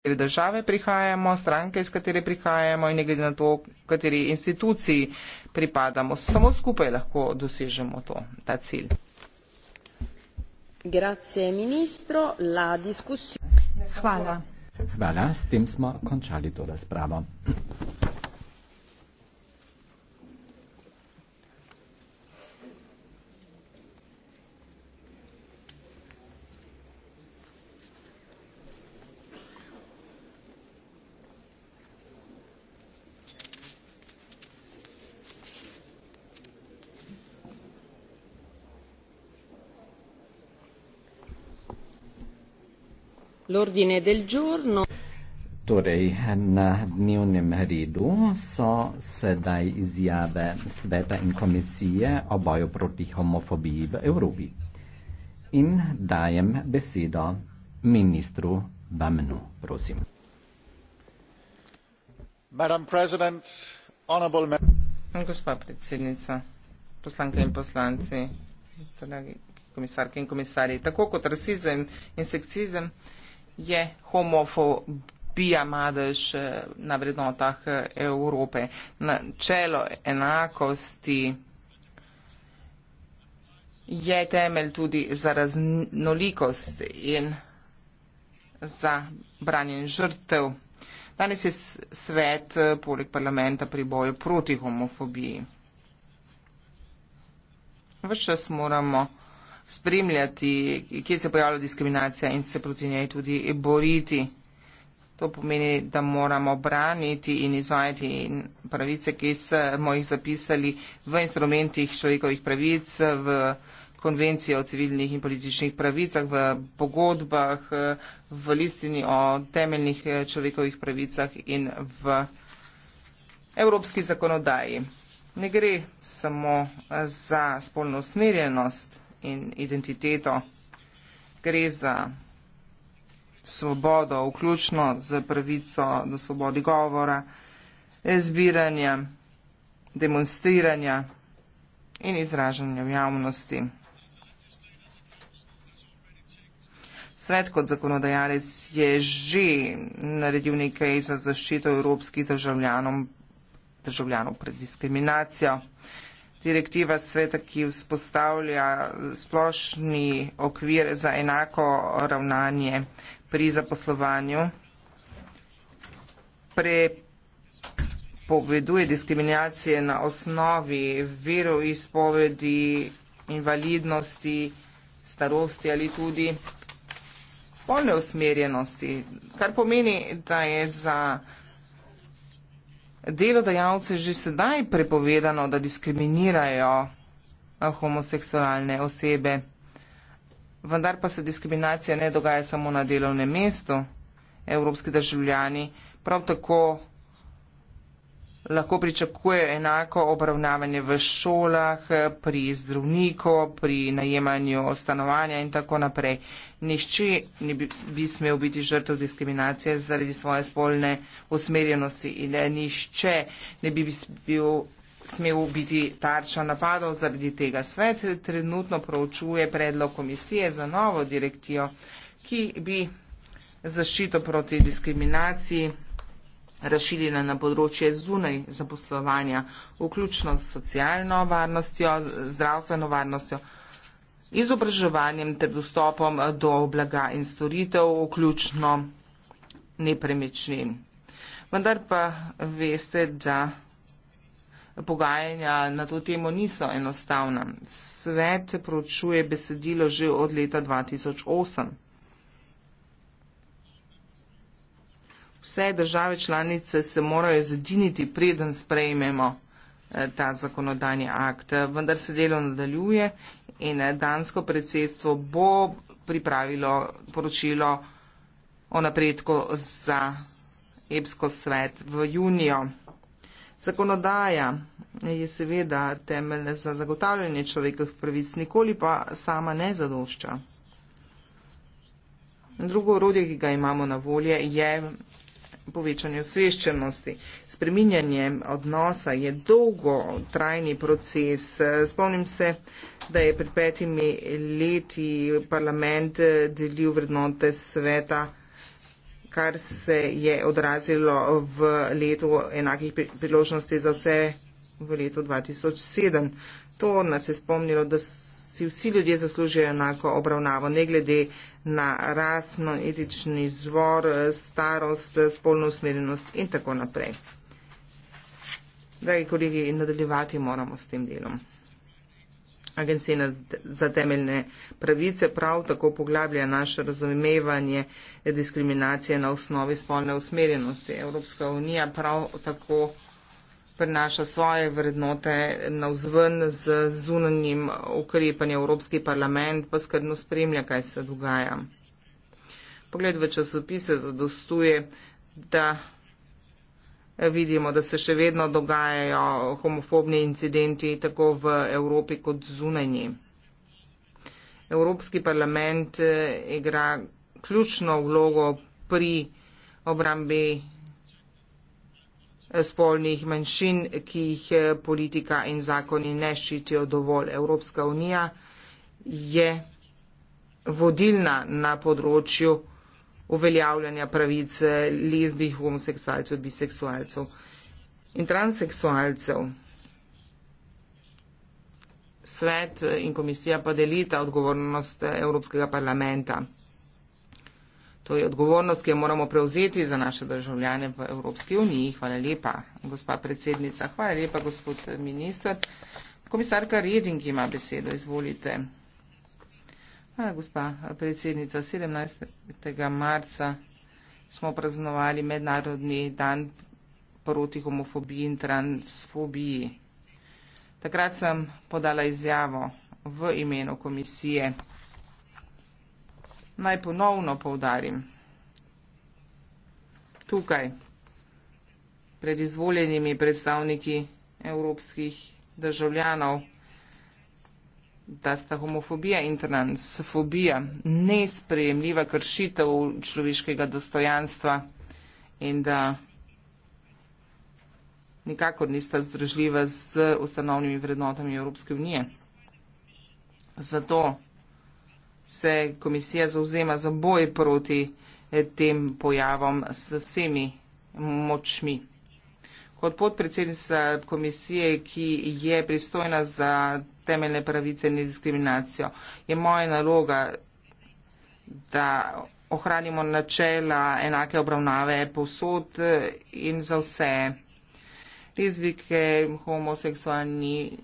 katere države prihajamo, stranke, iz katere prihajamo in ne glede na to, kateri instituciji pripadamo. Samo skupaj lahko dosežemo to, ta cilj. Grazie, ministro, la discussione. Hvala. Hvala, s tem smo končali to razpravo. l'ordine del giorno. Torej, na dnevnem redu so sedaj izjave sveta in komisije o boju proti homofobiji v Evropi. In dajem besedo ministru Bamenu, prosim. Gospa predsednica, poslanke in poslanci, dragi komisarke in komisarji, tako kot rasizem in seksizem, je homofobija madež eh, na vrednotah eh, Evrope. Načelo enakosti je temelj tudi za raznolikost in za branjen žrtev. Danes je svet eh, poleg parlamenta pri boju proti homofobiji. Vse čas moramo spremljati, kje se pojavlja diskriminacija in se proti njej tudi boriti. To pomeni, da moramo braniti in izvajati pravice, ki smo jih zapisali v instrumentih človekovih pravic, v konvenciji o civilnih in političnih pravicah, v pogodbah, v listini o temeljnih človekovih pravicah in v evropski zakonodaji. Ne gre samo za spolno usmerjenost in identiteto. Gre za svobodo, vključno z pravico do svobodi govora, zbiranja, demonstriranja in izražanja v javnosti. Svet kot zakonodajalec je že naredil nekaj za zaščito evropskih državljanov pred diskriminacijo direktiva sveta, ki vzpostavlja splošni okvir za enako ravnanje pri zaposlovanju, prepoveduje diskriminacije na osnovi veru izpovedi, invalidnosti, starosti ali tudi spolne usmerjenosti, kar pomeni, da je za delodajalce že sedaj prepovedano, da diskriminirajo eh, homoseksualne osebe. Vendar pa se diskriminacija ne dogaja samo na delovnem mestu. Evropski državljani prav tako lahko pričakujejo enako obravnavanje v šolah, pri zdravniku, pri najemanju stanovanja in tako naprej. Nišče ne bi, bi smel biti žrtev diskriminacije zaradi svoje spolne usmerjenosti in nišče ne bi bil smel biti tarča napadov zaradi tega. Svet trenutno proučuje predlog komisije za novo direktivo, ki bi zaščito proti diskriminaciji razširjena na področje zunaj zaposlovanja, vključno s socialno varnostjo, zdravstveno varnostjo, izobraževanjem ter dostopom do blaga in storitev, vključno nepremičnin. Vendar pa veste, da pogajanja na to temo niso enostavna. Svet proučuje besedilo že od leta 2008. vse države članice se morajo zediniti, preden sprejmemo eh, ta zakonodajni akt. Vendar se delo nadaljuje in eh, dansko predsedstvo bo pripravilo poročilo o napredku za EPSKO svet v junijo. Zakonodaja je seveda temelj za zagotavljanje človekovih pravic, nikoli pa sama ne zadošča. Drugo orodje, ki ga imamo na volje, je povečanje osveščenosti. Spreminjanje odnosa je dolgo trajni proces. Spomnim se, da je pred petimi leti parlament eh, delil vrednote sveta, kar se je odrazilo v letu enakih priložnosti za vse v letu 2007. To nas je spomnilo, da so si vsi ljudje zaslužijo enako obravnavo, ne glede na rasno, etični zvor, starost, spolno usmerjenost in tako naprej. Dragi kolegi, nadaljevati moramo s tem delom. Agencija za temeljne pravice prav tako poglablja naše razumevanje diskriminacije na osnovi spolne usmerjenosti. Evropska unija prav tako prenaša svoje vrednote navzven z zunanjim ukrepanjem Evropski parlament, pa skrbno spremlja, kaj se dogaja. Pogled v časopise zadostuje, da vidimo, da se še vedno dogajajo homofobni incidenti tako v Evropi kot zunanji. Evropski parlament eh, igra ključno vlogo pri obrambi spolnih manjšin, ki jih eh, politika in zakoni ne ščitijo dovolj. Evropska unija je vodilna na področju uveljavljanja pravic eh, lezbih, homoseksualcev, biseksualcev in transseksualcev. Svet eh, in komisija pa delita odgovornost Evropskega parlamenta. To je odgovornost, ki jo moramo prevzeti za naše državljane v Evropski uniji. Hvala lepa, gospa predsednica. Hvala lepa, gospod minister. Komisarka Reding ima besedo. Izvolite. Hvala, gospa predsednica. 17. marca smo praznovali Mednarodni dan proti homofobiji in transfobiji. Takrat sem podala izjavo v imenu komisije naj ponovno povdarim, tukaj pred izvoljenimi predstavniki evropskih državljanov, da sta homofobija in transfobija nesprejemljiva kršitev človeškega dostojanstva in da nikakor nista združljiva z ustanovnimi vrednotami Evropske unije. Zato se komisija zauzema za boj proti eh, tem pojavom s vsemi močmi. Kot podpredsednica komisije, ki je pristojna za temeljne pravice in diskriminacijo, je moja naloga, da ohranimo načela enake obravnave posod eh, in za vse. Lezbike, homoseksualni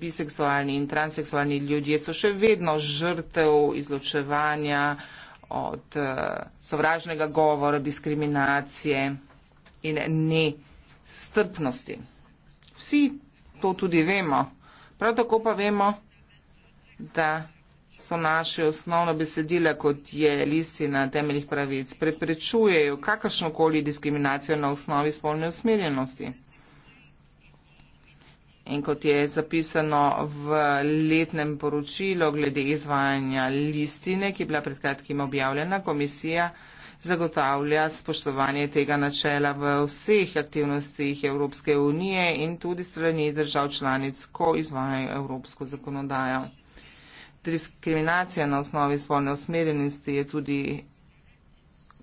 biseksualni in transseksualni ljudje so še vedno žrtev izločevanja od eh, sovražnega govora, diskriminacije in ne strpnosti. Vsi to tudi vemo. Prav tako pa vemo, da so naše osnovno besedila, kot je listina temeljih pravic, preprečujejo kakršnokoli diskriminacijo na osnovi spolne usmerjenosti. In kot je zapisano v letnem poročilu glede izvajanja listine, ki je bila pred kratkim objavljena, komisija zagotavlja spoštovanje tega načela v vseh aktivnostih Evropske unije in tudi strani držav članic, ko izvajajo evropsko zakonodajo. Diskriminacija na osnovi spolne usmerjenosti je tudi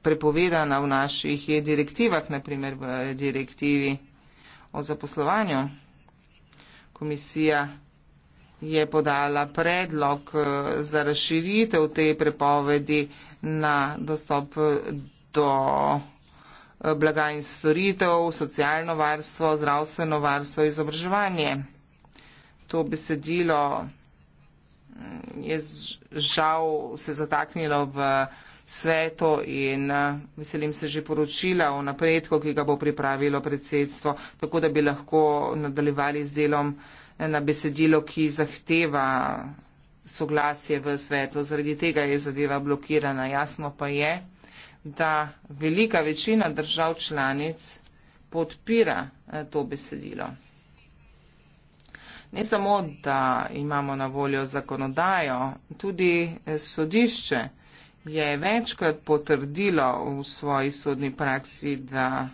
prepovedana v naših direktivah, naprimer v direktivi o zaposlovanju komisija je podala predlog eh, za razširitev te prepovedi na dostop do eh, blaga in storitev, socialno varstvo, zdravstveno varstvo, izobraževanje. To besedilo mm, je žal se zataknilo v svetu in eh, veselim se že poročila o napredku, ki ga bo pripravilo predsedstvo, tako da bi lahko nadaljevali z delom eh, na besedilo, ki zahteva soglasje v svetu. Zaradi tega je zadeva blokirana. Jasno pa je, da velika večina držav članic podpira eh, to besedilo. Ne samo, da imamo na voljo zakonodajo, tudi sodišče je večkrat potrdilo v svoji sodni praksi, da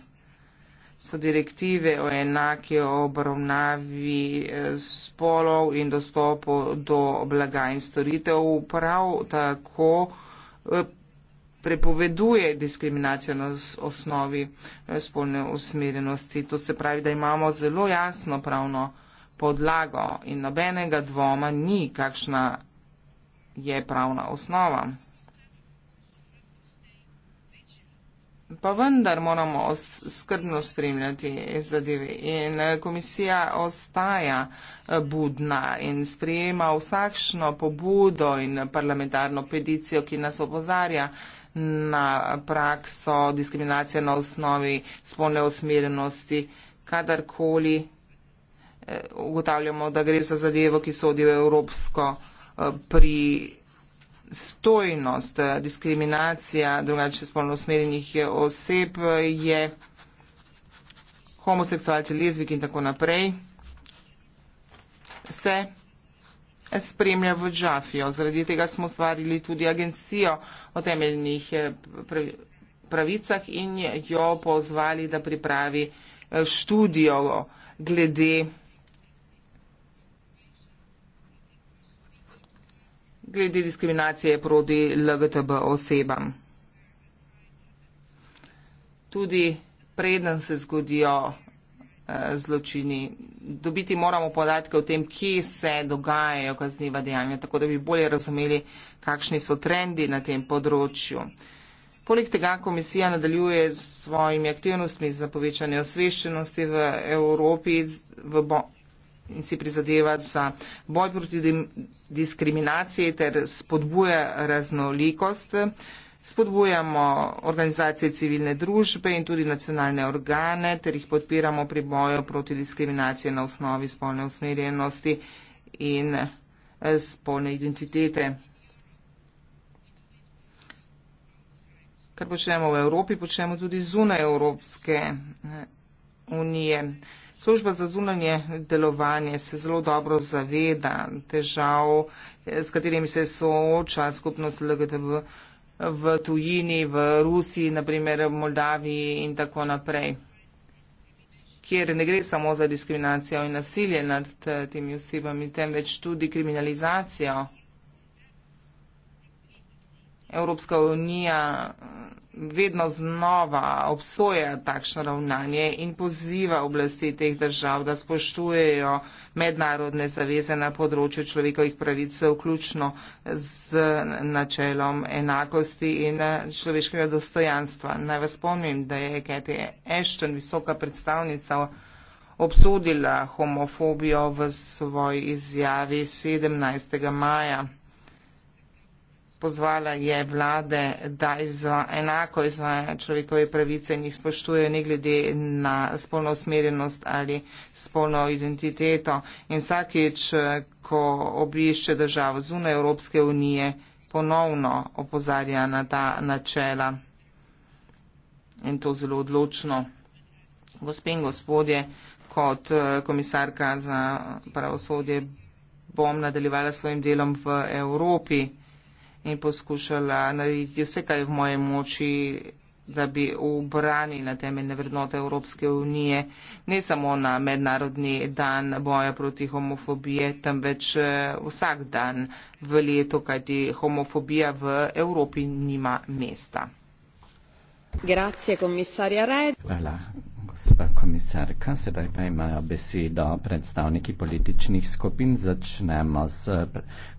so direktive o enaki obravnavi eh, spolov in dostopu do blaga in storitev prav tako eh, prepoveduje diskriminacijo na osnovi eh, spolne usmerjenosti. To se pravi, da imamo zelo jasno pravno podlago in nobenega dvoma ni, kakšna je pravna osnova. pa vendar moramo skrbno spremljati zadeve. In eh, komisija ostaja eh, budna in sprejema vsakšno pobudo in parlamentarno peticijo, ki nas opozarja na prakso diskriminacije na osnovi spolne osmerenosti, kadarkoli eh, ugotavljamo, da gre za zadevo, ki sodi v Evropsko pri stojnost, eh, diskriminacija drugače spolno usmerjenih oseb je homoseksualci, lezbiki in tako naprej, se spremlja v Džafijo. Zaradi tega smo stvarili tudi agencijo o temeljnih eh, pravicah in jo pozvali, da pripravi eh, študijo glede glede diskriminacije proti LGTB osebam. Tudi preden se zgodijo eh, zločini, dobiti moramo podatke o tem, kje se dogajajo kazniva dejanja, tako da bi bolje razumeli, kakšni so trendi na tem področju. Poleg tega komisija nadaljuje s svojimi aktivnostmi za povečanje osveščenosti v Evropi, v in si prizadevati za boj proti diskriminaciji ter spodbuja raznolikost. Spodbujamo organizacije civilne družbe in tudi nacionalne organe ter jih podpiramo pri boju proti diskriminaciji na osnovi spolne usmerjenosti in eh, spolne identitete. Kar počnemo v Evropi, počnemo tudi zunaj Evropske eh, unije. Služba za zunanje delovanje se zelo dobro zaveda težav, s katerimi se sooča skupnost LGTB v tujini, v Rusiji, naprimer v Moldaviji in tako naprej, kjer ne gre samo za diskriminacijo in nasilje nad temi osebami, temveč tudi kriminalizacijo. Evropska unija vedno znova obsoja takšno ravnanje in poziva oblasti teh držav, da spoštujejo mednarodne zaveze na področju človekovih pravic, vključno z načelom enakosti in človeškega dostojanstva. Naj vas spomnim, da je Kathy Ashton, visoka predstavnica, obsodila homofobijo v svoji izjavi 17. maja pozvala je vlade, da izva, enako izvajo človekove pravice in jih spoštujejo, ne glede na spolno usmerjenost ali spolno identiteto. In vsakeč, ko obišče državo zunaj Evropske unije, ponovno opozarja na ta načela. In to zelo odločno. Gospe in gospodje, kot komisarka za pravosodje bom nadaljevala svojim delom v Evropi in poskušala narediti vse, kar je v moje moči, da bi obranila temeljne vrednote Evropske unije, ne samo na mednarodni dan boja proti homofobije, temveč eh, vsak dan v leto, kajti homofobija v Evropi nima mesta. Grazie commissaria Red. Voilà gospa komisarka, sedaj pa imajo besedo predstavniki političnih skupin. Začnemo s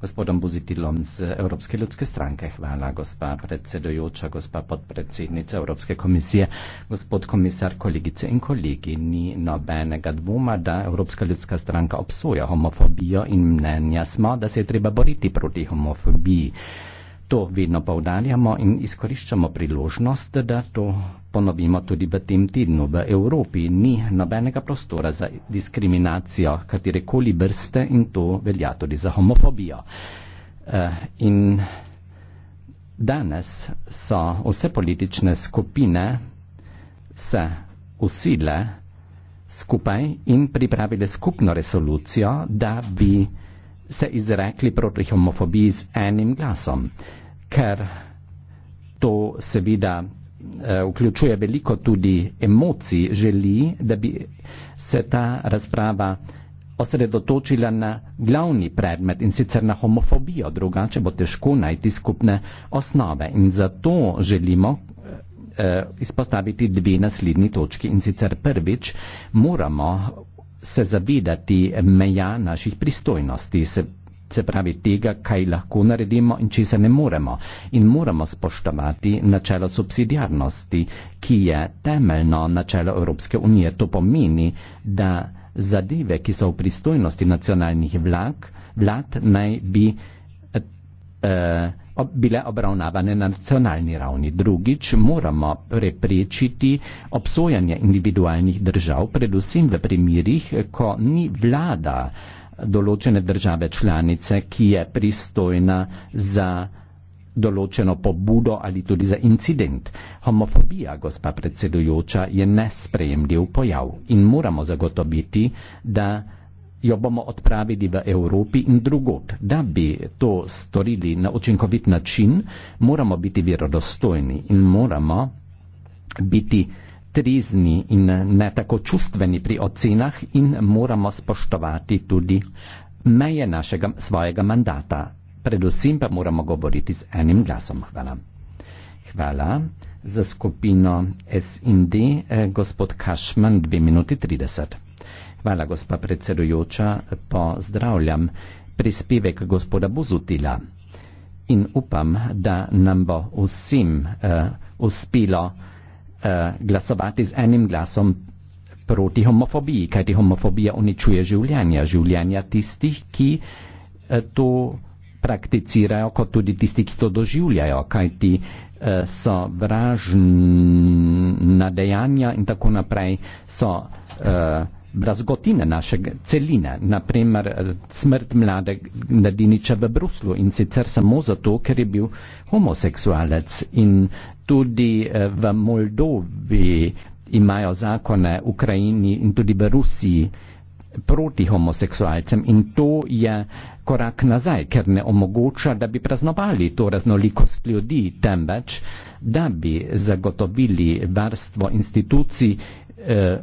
gospodom Buzitilom z Evropske ljudske stranke. Hvala, gospa predsedojoča, gospa podpredsednica Evropske komisije. Gospod komisar, kolegice in kolegi, ni nobenega dvoma, da Evropska ljudska stranka obsoja homofobijo in mnenja smo, da se je treba boriti proti homofobiji. To vedno povdarjamo in izkoriščamo priložnost, da to ponovimo tudi v tem tednu. V Evropi ni nobenega prostora za diskriminacijo katerekoli vrste in to velja tudi za homofobijo. Eh, in danes so vse politične skupine se usile skupaj in pripravile skupno resolucijo, da bi se izrekli proti homofobiji z enim glasom, ker to seveda eh, vključuje veliko tudi emocij, želi, da bi se ta razprava osredotočila na glavni predmet in sicer na homofobijo, drugače bo težko najti skupne osnove. In zato želimo eh, izpostaviti dve naslednji točki in sicer prvič moramo se zavedati meja naših pristojnosti, se, se pravi tega, kaj lahko naredimo in če se ne moremo. In moramo spoštovati načelo subsidiarnosti, ki je temeljno načelo Evropske unije. To pomeni, da zadeve, ki so v pristojnosti nacionalnih vlak, vlad naj bi. Eh, eh, bile obravnavane na nacionalni ravni. Drugič, moramo preprečiti obsojanje individualnih držav, predvsem v primirih, ko ni vlada določene države članice, ki je pristojna za določeno pobudo ali tudi za incident. Homofobija, gospa predsedujoča, je nesprejemljiv pojav in moramo zagotoviti, da jo bomo odpravili v Evropi in drugot. Da bi to storili na učinkovit način, moramo biti verodostojni in moramo biti trizni in ne tako čustveni pri ocenah in moramo spoštovati tudi meje našega svojega mandata. Predvsem pa moramo govoriti z enim glasom. Hvala. Hvala za skupino SND, eh, gospod Kašman, 2 minuti 30. Hvala, gospa predsedujoča. Pozdravljam prispevek gospoda Buzutila in upam, da nam bo vsem uh, uspelo uh, glasovati z enim glasom proti homofobiji, kajti homofobija uničuje življenja, življenja tistih, ki uh, to prakticirajo, kot tudi tisti, ki to doživljajo, kajti uh, so vražna dejanja in tako naprej so uh, brazgotine naše celine, naprimer eh, smrt mlade mladiniča v Bruslu in sicer samo zato, ker je bil homoseksualec in tudi eh, v Moldovi imajo zakone v Ukrajini in tudi v Rusiji proti homoseksualcem in to je korak nazaj, ker ne omogoča, da bi praznovali to raznolikost ljudi, temveč, da bi zagotovili varstvo institucij. Eh,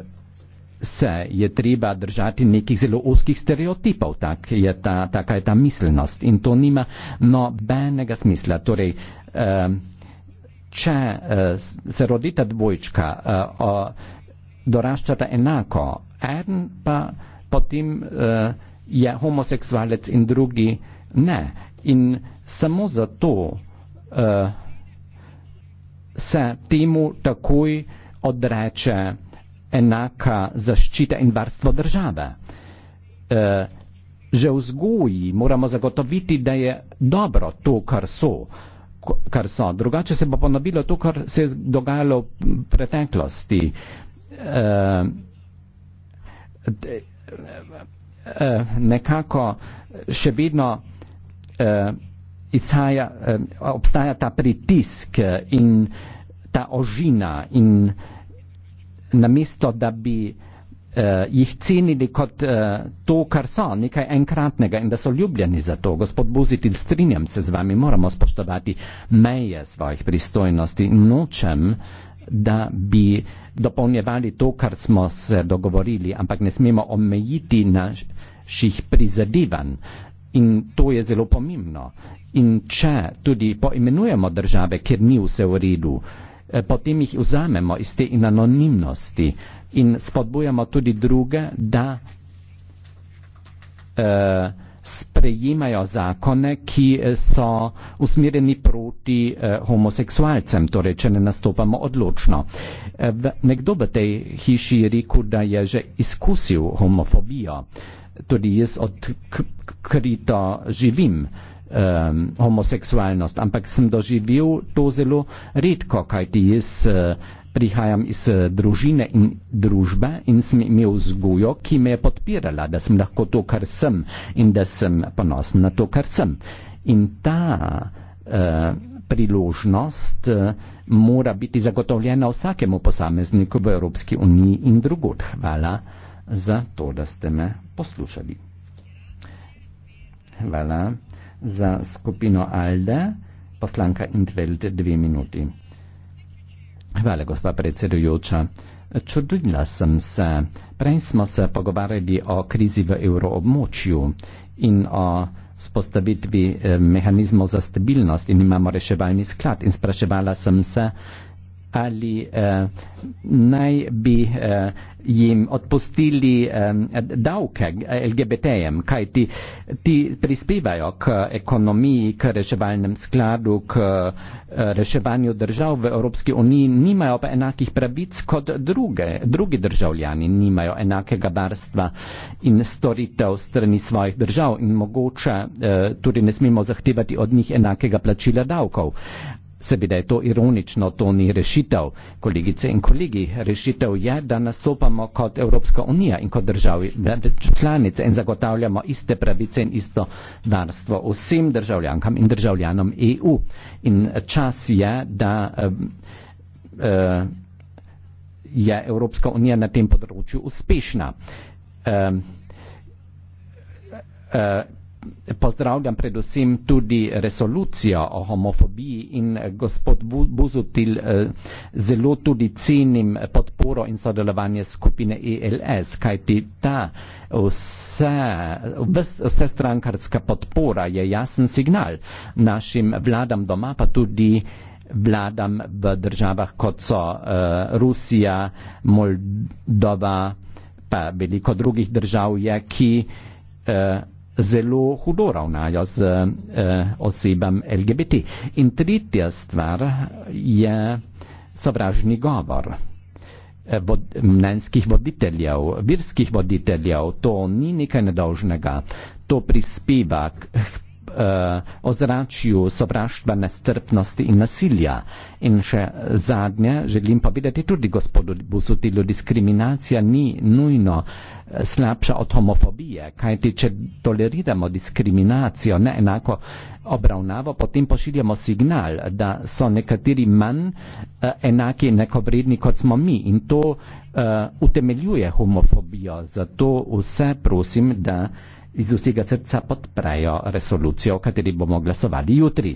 se je treba držati nekih zelo oskih stereotipov, tak je ta, taka je ta miselnost in to nima nobenega smisla. Torej, eh, če eh, se rodita dvojčka, eh, o, doraščata enako, en pa potem eh, je homoseksualec in drugi ne. In samo zato eh, se temu takoj odreče enaka zaščita in varstvo države. E, že v vzgoji moramo zagotoviti, da je dobro to, kar so, kar so. Drugače se bo ponovilo to, kar se je dogajalo v preteklosti. E, de, e, nekako še vedno e, izhaja, e, obstaja ta pritisk in ta ožina in namesto da bi uh, jih cenili kot uh, to, kar so, nekaj enkratnega in da so ljubljeni za to. Gospod Buzitil, strinjam se z vami, moramo spoštovati meje svojih pristojnosti. Nočem, da bi dopolnjevali to, kar smo se dogovorili, ampak ne smemo omejiti naših prizadevanj. In to je zelo pomembno. In če tudi poimenujemo države, kjer ni vse v redu, uh, Eh, potem jih vzamemo iz te in anonimnosti in spodbujamo tudi druge, da eh, sprejimajo zakone, ki eh, so usmerjeni proti eh, homoseksualcem, torej če ne nastopamo odločno. Eh, v, nekdo v tej hiši je rekel, da je že izkusil homofobijo, tudi jaz odkrito živim. Eh, um, homoseksualnost, ampak sem doživel to zelo redko, kajti jaz uh, prihajam iz uh, družine in družbe in sem imel vzgojo, ki me je podpirala, da sem lahko to, kar sem in da sem ponosen na to, kar sem. In ta uh, priložnost uh, mora biti zagotovljena vsakemu posamezniku v Evropski uniji in drugod. Hvala za to, da ste me poslušali. Hvala za skupino ALDE, poslanka Indvelde, dve minuti. Hvala, gospa predsedujoča. Čudila sem se. Prej smo se pogovarjali o krizi v evroobmočju in o spostavitvi eh, mehanizmov za stabilnost in imamo reševalni sklad. In spraševala sem se, ali eh, naj bi eh, jim odpustili eh, davke LGBT-jem, kaj ti, ti prispevajo k ekonomiji, k reševalnem skladu, k eh, reševanju držav v Evropski uniji, nimajo pa enakih pravic kot druge, drugi državljani, nimajo enakega varstva in storitev strani svojih držav in mogoče eh, tudi ne smemo zahtevati od njih enakega plačila davkov. Seveda je to ironično, to ni rešitev. Kolegice in kolegi, rešitev je, da nastopamo kot Evropska unija in kot državi članice in zagotavljamo iste pravice in isto varstvo vsem državljankam in državljanom EU. In čas je, da. Uh, uh, je Evropska unija na tem področju uspešna. Uh, uh, pozdravljam predvsem tudi resolucijo o homofobiji in eh, gospod Buzutil eh, zelo tudi cenim podporo in sodelovanje skupine ELS, kajti ta vse, vse strankarska podpora je jasen signal našim vladam doma, pa tudi vladam v državah kot so eh, Rusija, Moldova, pa veliko drugih držav je, ki zelo hudo ravnajo z eh, osebam LGBT. In tretja stvar je sovražni govor eh, vod, mnenjskih voditeljev, virskih voditeljev. To ni nekaj nedolžnega. To prispeva k uh, ozračju sovraštva, nestrpnosti in nasilja. In še zadnje, želim povedati tudi gospodu Busutilu, diskriminacija ni nujno eh, slabša od homofobije, kajti če toleriramo diskriminacijo, ne enako obravnavo, potem pošiljamo signal, da so nekateri manj uh, enaki nekovredni kot smo mi in to uh, utemeljuje homofobijo. Zato vse prosim, da iz vsega srca podprejo resolucijo, o kateri bomo glasovali jutri.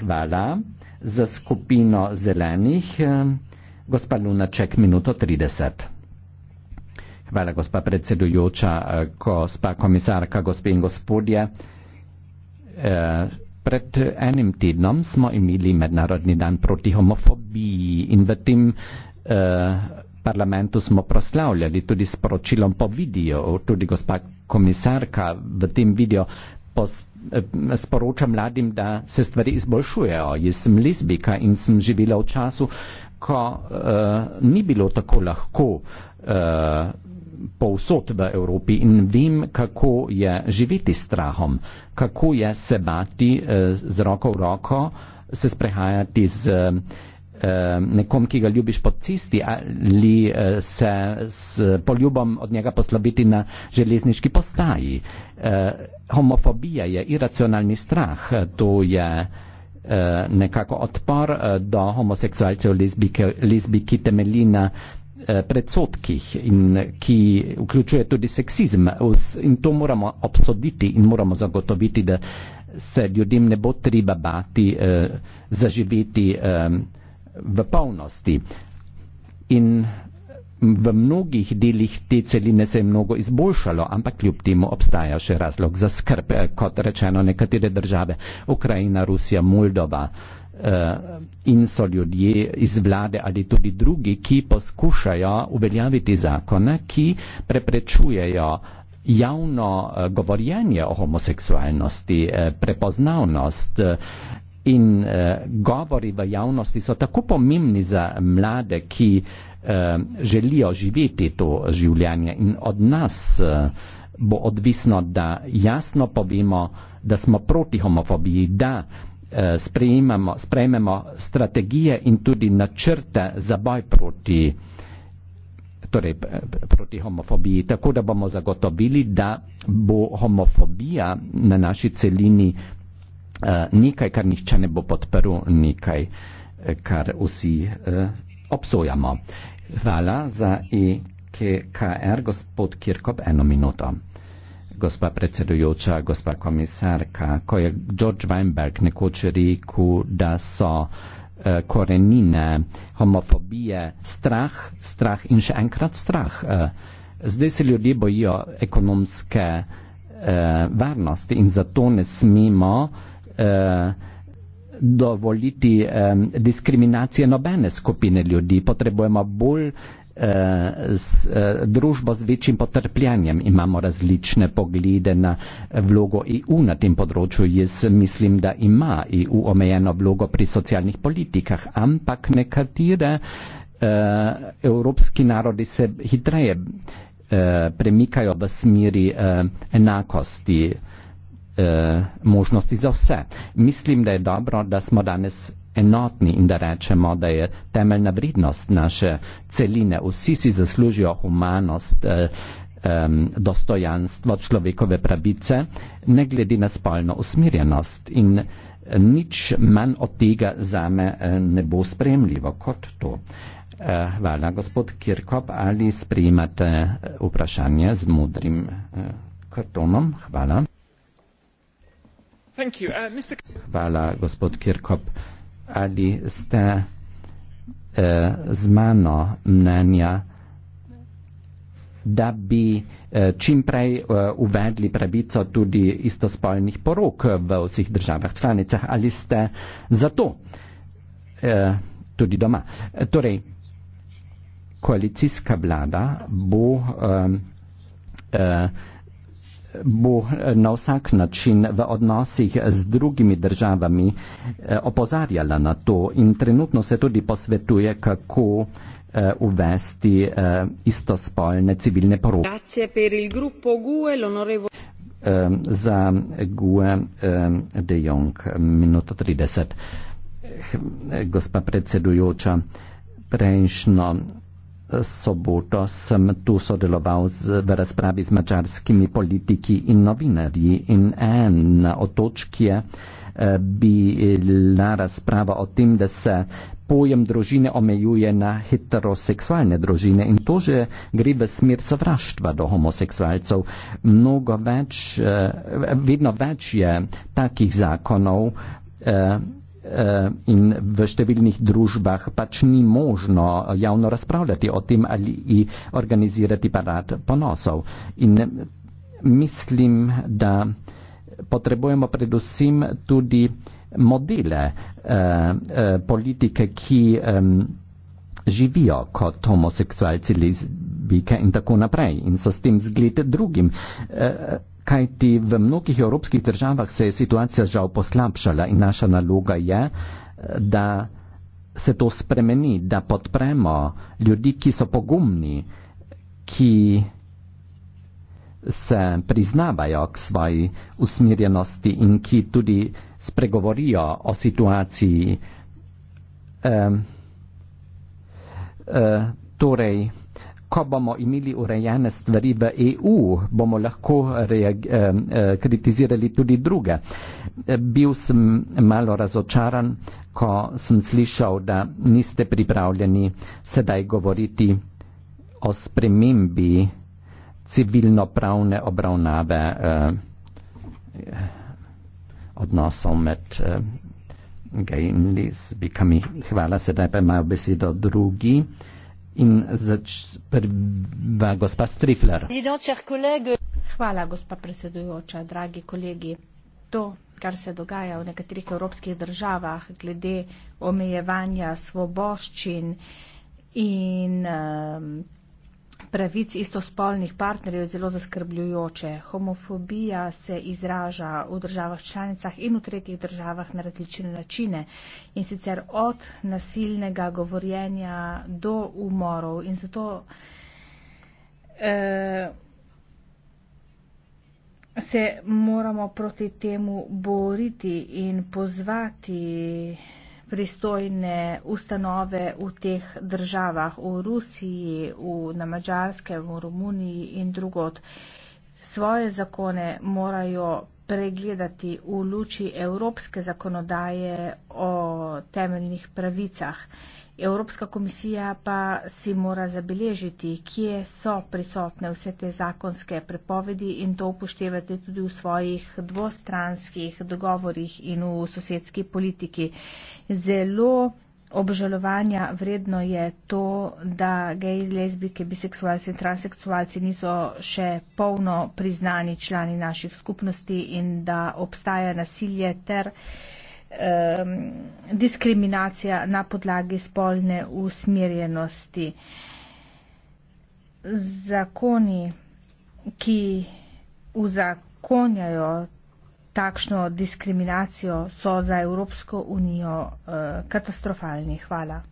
Hvala za skupino zelenih, gospa Lunaček, minuto 30. Hvala, gospa predsedujoča, gospa komisarka, gospe in gospodje. Pred enim tednom smo imeli Mednarodni dan proti homofobiji in v tem eh, parlamentu smo proslavljali tudi s poročilom po videu, tudi gospa komisarka v tem video eh, sporoča mladim, da se stvari izboljšujejo. Jaz sem lesbika in sem živela v času, ko uh, ni bilo tako lahko uh, povsod v Evropi in vem, kako je živeti s strahom, kako je se bati uh, z roko v roko, se sprehajati z. Uh, Eh, nekom, ki ga ljubiš po cesti ali eh, se s poljubom od njega poslobiti na železniški postaji. Eh, homofobija je iracionalni strah, to je nekako odpor do homoseksualcev, lezbiki temelji na predsotkih in ki vključuje tudi seksizem in to moramo obsoditi in moramo zagotoviti, da se ljudem ne bo treba bati zaživeti v polnosti. In v mnogih delih te celine se je mnogo izboljšalo, ampak kljub temu obstaja še razlog za skrb, kot rečeno nekatere države, Ukrajina, Rusija, Moldova eh, in so ljudje iz vlade ali tudi drugi, ki poskušajo uveljaviti zakone, ki preprečujejo javno eh, govorjenje o homoseksualnosti, eh, prepoznavnost in uh, govori v javnosti so tako pomembni za mlade, ki uh, želijo živeti to življenje in od nas uh, bo odvisno, da jasno povemo, da smo proti homofobiji, da sprejmemo, sprejmemo strategije in tudi načrte za boj proti, torej, proti homofobiji, tako da bomo zagotovili, da bo homofobija na naši celini Eh, nekaj, kar nišče ne bo podprl, nekaj, eh, kar vsi eh, obsojamo. Hvala za IKR, e gospod Kirkop, eno minuto. Gospa predsedujoča, gospa komisarka, ko je George Weinberg nekoč rekel, da so korenine homofobije strah, strah in še enkrat strah. Zdaj se ljudje bojijo ekonomske varnosti in zato ne smemo Eh, dovoliti eh, diskriminacije nobene skupine ljudi. Potrebujemo bolj eh, s, eh, družbo z večjim potrpljanjem. Imamo različne poglede na vlogo EU na tem področju. Jaz mislim, da ima EU omejeno vlogo pri socialnih politikah, ampak nekatere eh, evropski narodi se hitreje eh, premikajo v smeri eh, enakosti. Eh, eh, možnosti za vse. Mislim, da je dobro, da smo danes enotni in da rečemo, da je temeljna vrednost naše celine. Vsi si zaslužijo humanost, eh, eh, dostojanstvo, človekove pravice, ne glede na spolno usmirjenost. In nič manj od tega zame eh, ne bo spremljivo kot to. Eh, hvala, gospod Kirkop, ali sprejmate eh, vprašanje z modrim eh, kartonom? Hvala. Uh, Hvala, gospod Kirkop. Ali ste eh, z mano mnenja, da bi eh, čim prej eh, uvedli pravico tudi istospolnih porok v vseh državah članicah? Ali ste za to eh, tudi doma? Eh, torej, koalicijska vlada bo. Eh, eh, bo eh, na vsak način v odnosih z drugimi državami eh, opozarjala na to in trenutno se tudi posvetuje, kako eh, uvesti istospolne civilne poroke. Ehm, za GUE ehm, de Jong, minuto 30. Gospa predsedujoča, prejšnjo soboto sem tu sodeloval z, v razpravi z mačarskimi politiki in novinarji in ena od točk je eh, bila razprava o tem, da se pojem družine omejuje na heteroseksualne družine in to že gre v smer sovraštva do homoseksualcev. Mnogo več, eh, vedno več je takih zakonov, eh, Eh, in v številnih družbah pač ni možno javno razpravljati o tem ali organizirati parad ponosov. In mislim, da potrebujemo predvsem tudi modele eh, eh politike, ki eh, živijo kot homoseksualci, lezbike in tako naprej in so s tem zgled drugim. Eh, kajti v mnogih evropskih državah se je situacija žal poslabšala in naša naloga je, da se to spremeni, da podpremo ljudi, ki so pogumni, ki se priznavajo k svoji usmirjenosti in ki tudi spregovorijo o situaciji. Um, uh, torej, ko bomo imeli urejene stvari v EU, bomo lahko eh, kritizirali tudi druge. Eh, bil sem malo razočaran, ko sem slišal, da niste pripravljeni sedaj govoriti o spremembi civilno-pravne obravnave eh, odnosov med eh, gej in lesbikami. Hvala, sedaj pa imajo besedo drugi. Eh, in zač, prva gospa Strifler. Hvala, gospa predsedujoča, dragi kolegi. To, kar se dogaja v nekaterih evropskih državah glede omejevanja svoboščin in um, pravic istospolnih partnerjev zelo zaskrbljujoče. Homofobija se izraža v državah članicah in v tretjih državah na različne načine. In sicer od nasilnega govorjenja do umorov. In zato eh, se moramo proti temu boriti in pozvati. Eh, pristojne ustanove v teh državah, v Rusiji, v, na Mačarske, v Romuniji in drugot. Svoje zakone morajo pregledati v luči evropske zakonodaje o temeljnih pravicah. Evropska komisija pa si mora zabeležiti, kje so prisotne vse te zakonske prepovedi in to upoštevati tudi v svojih dvostranskih dogovorih in v sosedski politiki. Zelo obžalovanja vredno je to, da gej, lezbike, biseksualci in transeksualci niso še polno priznani člani naših skupnosti in da obstaja nasilje ter um, diskriminacija na podlagi spolne usmerjenosti. Zakoni, ki uzakonjajo takšno diskriminacijo, so za Evropsko unijo uh, katastrofalni. Hvala.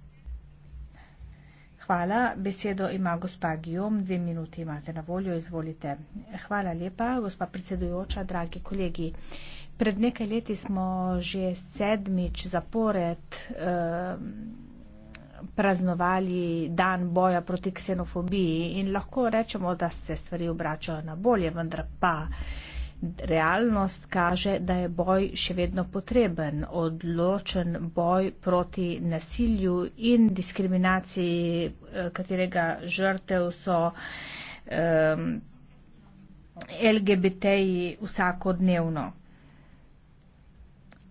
Hvala. Besedo ima gospa Gijom. Dve minuti imate na voljo. Izvolite. Hvala lepa, gospa predsedujoča, dragi kolegi. Uh, Pred nekaj leti smo že sedmič zapored ehm, praznovali dan boja proti ksenofobiji in lahko rečemo, da se stvari obračajo na bolje, vendar pa realnost kaže, da je boj še vedno potreben. Odločen boj proti nasilju in diskriminaciji, eh, katerega žrtev so um, ehm, LGBT-ji vsakodnevno.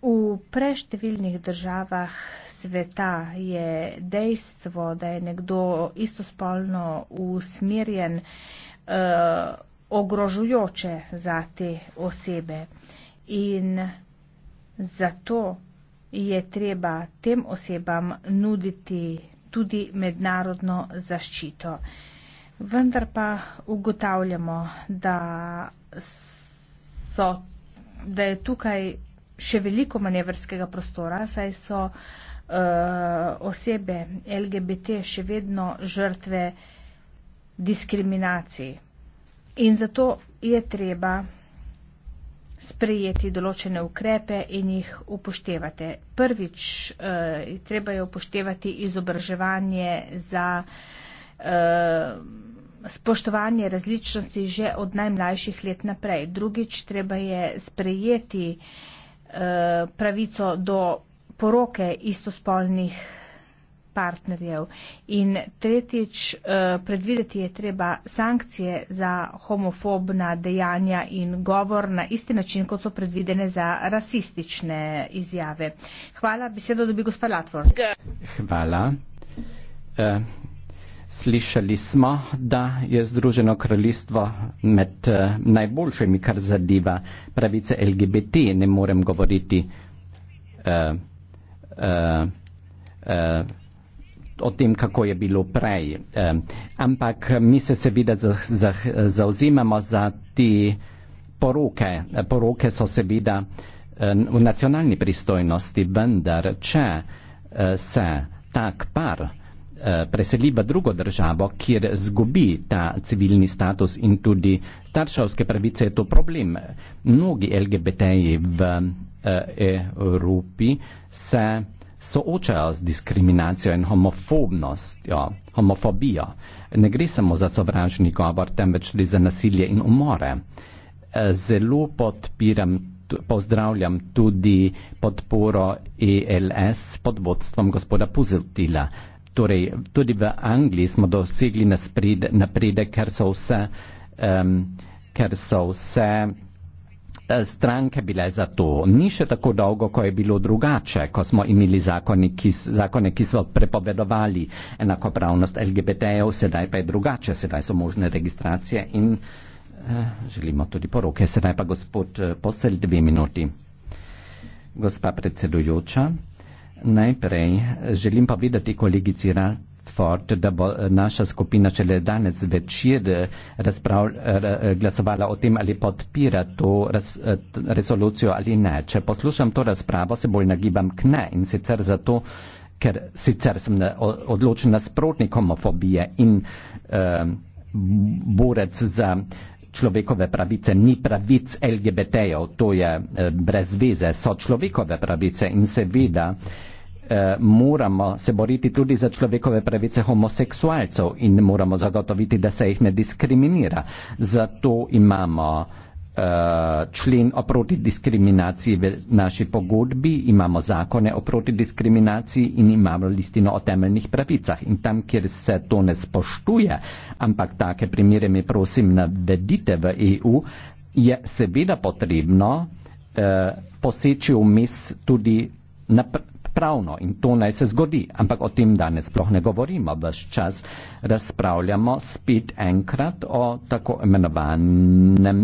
V preštevilnih državah sveta je dejstvo, da je nekdo istospolno usmerjen, eh, ogrožujoče za te osebe. In zato je treba tem osebam nuditi tudi mednarodno zaščito. Vendar pa ugotavljamo, da, so, da je tukaj še veliko manevrskega prostora, saj so uh, osebe LGBT še vedno žrtve diskriminacije. In zato je treba sprejeti določene ukrepe in jih upoštevati. Prvič, uh, treba je upoštevati izobraževanje za uh, spoštovanje različnosti že od najmlajših let naprej. Drugič, treba je sprejeti uh, Eh, pravico do poroke istospolnih partnerjev. In tretjič, eh, predvideti je treba sankcije za homofobna dejanja in govor na isti način, kot so predvidene za rasistične izjave. Hvala, besedo dobi gospod Latvor. Hvala. Eh, Slišali smo, da je Združeno kraljestvo med uh, najboljšimi, kar zadeva pravice LGBT. Ne morem govoriti uh, uh, uh, o tem, kako je bilo prej. Uh, ampak mi se seveda za, za, zauzimamo za te poroke. Poroke so seveda uh, v nacionalni pristojnosti, vendar če uh, se tak par. Eh, preseli v drugo državo, kjer zgubi ta civilni status in tudi starševske pravice, je to problem. Mnogi LGBT-ji v eh, Evropi se soočajo z diskriminacijo in homofobnostjo, homofobijo. Ne gre samo za sovražni govor, temveč tudi za nasilje in umore. Eh, zelo podpiram, pozdravljam tudi podporo ELS pod vodstvom gospoda Puzeltila torej tudi v Angliji smo dosegli naspred, napredek, ker so vse, um, ker so vse e, stranke bile za to. Ni še tako dolgo, ko je bilo drugače, ko smo imeli zakone, ki, zakone, ki so prepovedovali enakopravnost LGBT-jev, sedaj pa je drugače, sedaj so možne registracije in eh, želimo tudi poroke. Sedaj pa gospod eh, posel dve minuti. Gospa predsedujoča. Najprej želim povedati kolegici Radford, da bo eh, naša skupina šele danes večer eh, razprav, eh, glasovala o tem, ali podpira to raz, resolucijo ali ne. Če poslušam to razpravo, se bolj nagibam k ne in sicer zato, ker sicer sem odločen nasprotnik homofobije in eh, borec za človekove pravice ni pravic LGBT-jev, to je eh, brez veze, so človekove pravice in seveda eh, eh, moramo se boriti tudi za človekove pravice homoseksualcev in moramo zagotoviti, da se jih ne diskriminira. Zato imamo eh, člen o protidiskriminaciji v naši pogodbi, imamo zakone o protidiskriminaciji in imamo listino o temeljnih pravicah. In tam, kjer se to ne spoštuje, ampak take primere mi prosim navedite v EU, je seveda potrebno eh, poseči vmes tudi. Na, pravno in to naj se zgodi, ampak o tem danes sploh ne govorimo. Ves čas razpravljamo spet enkrat o tako imenovanem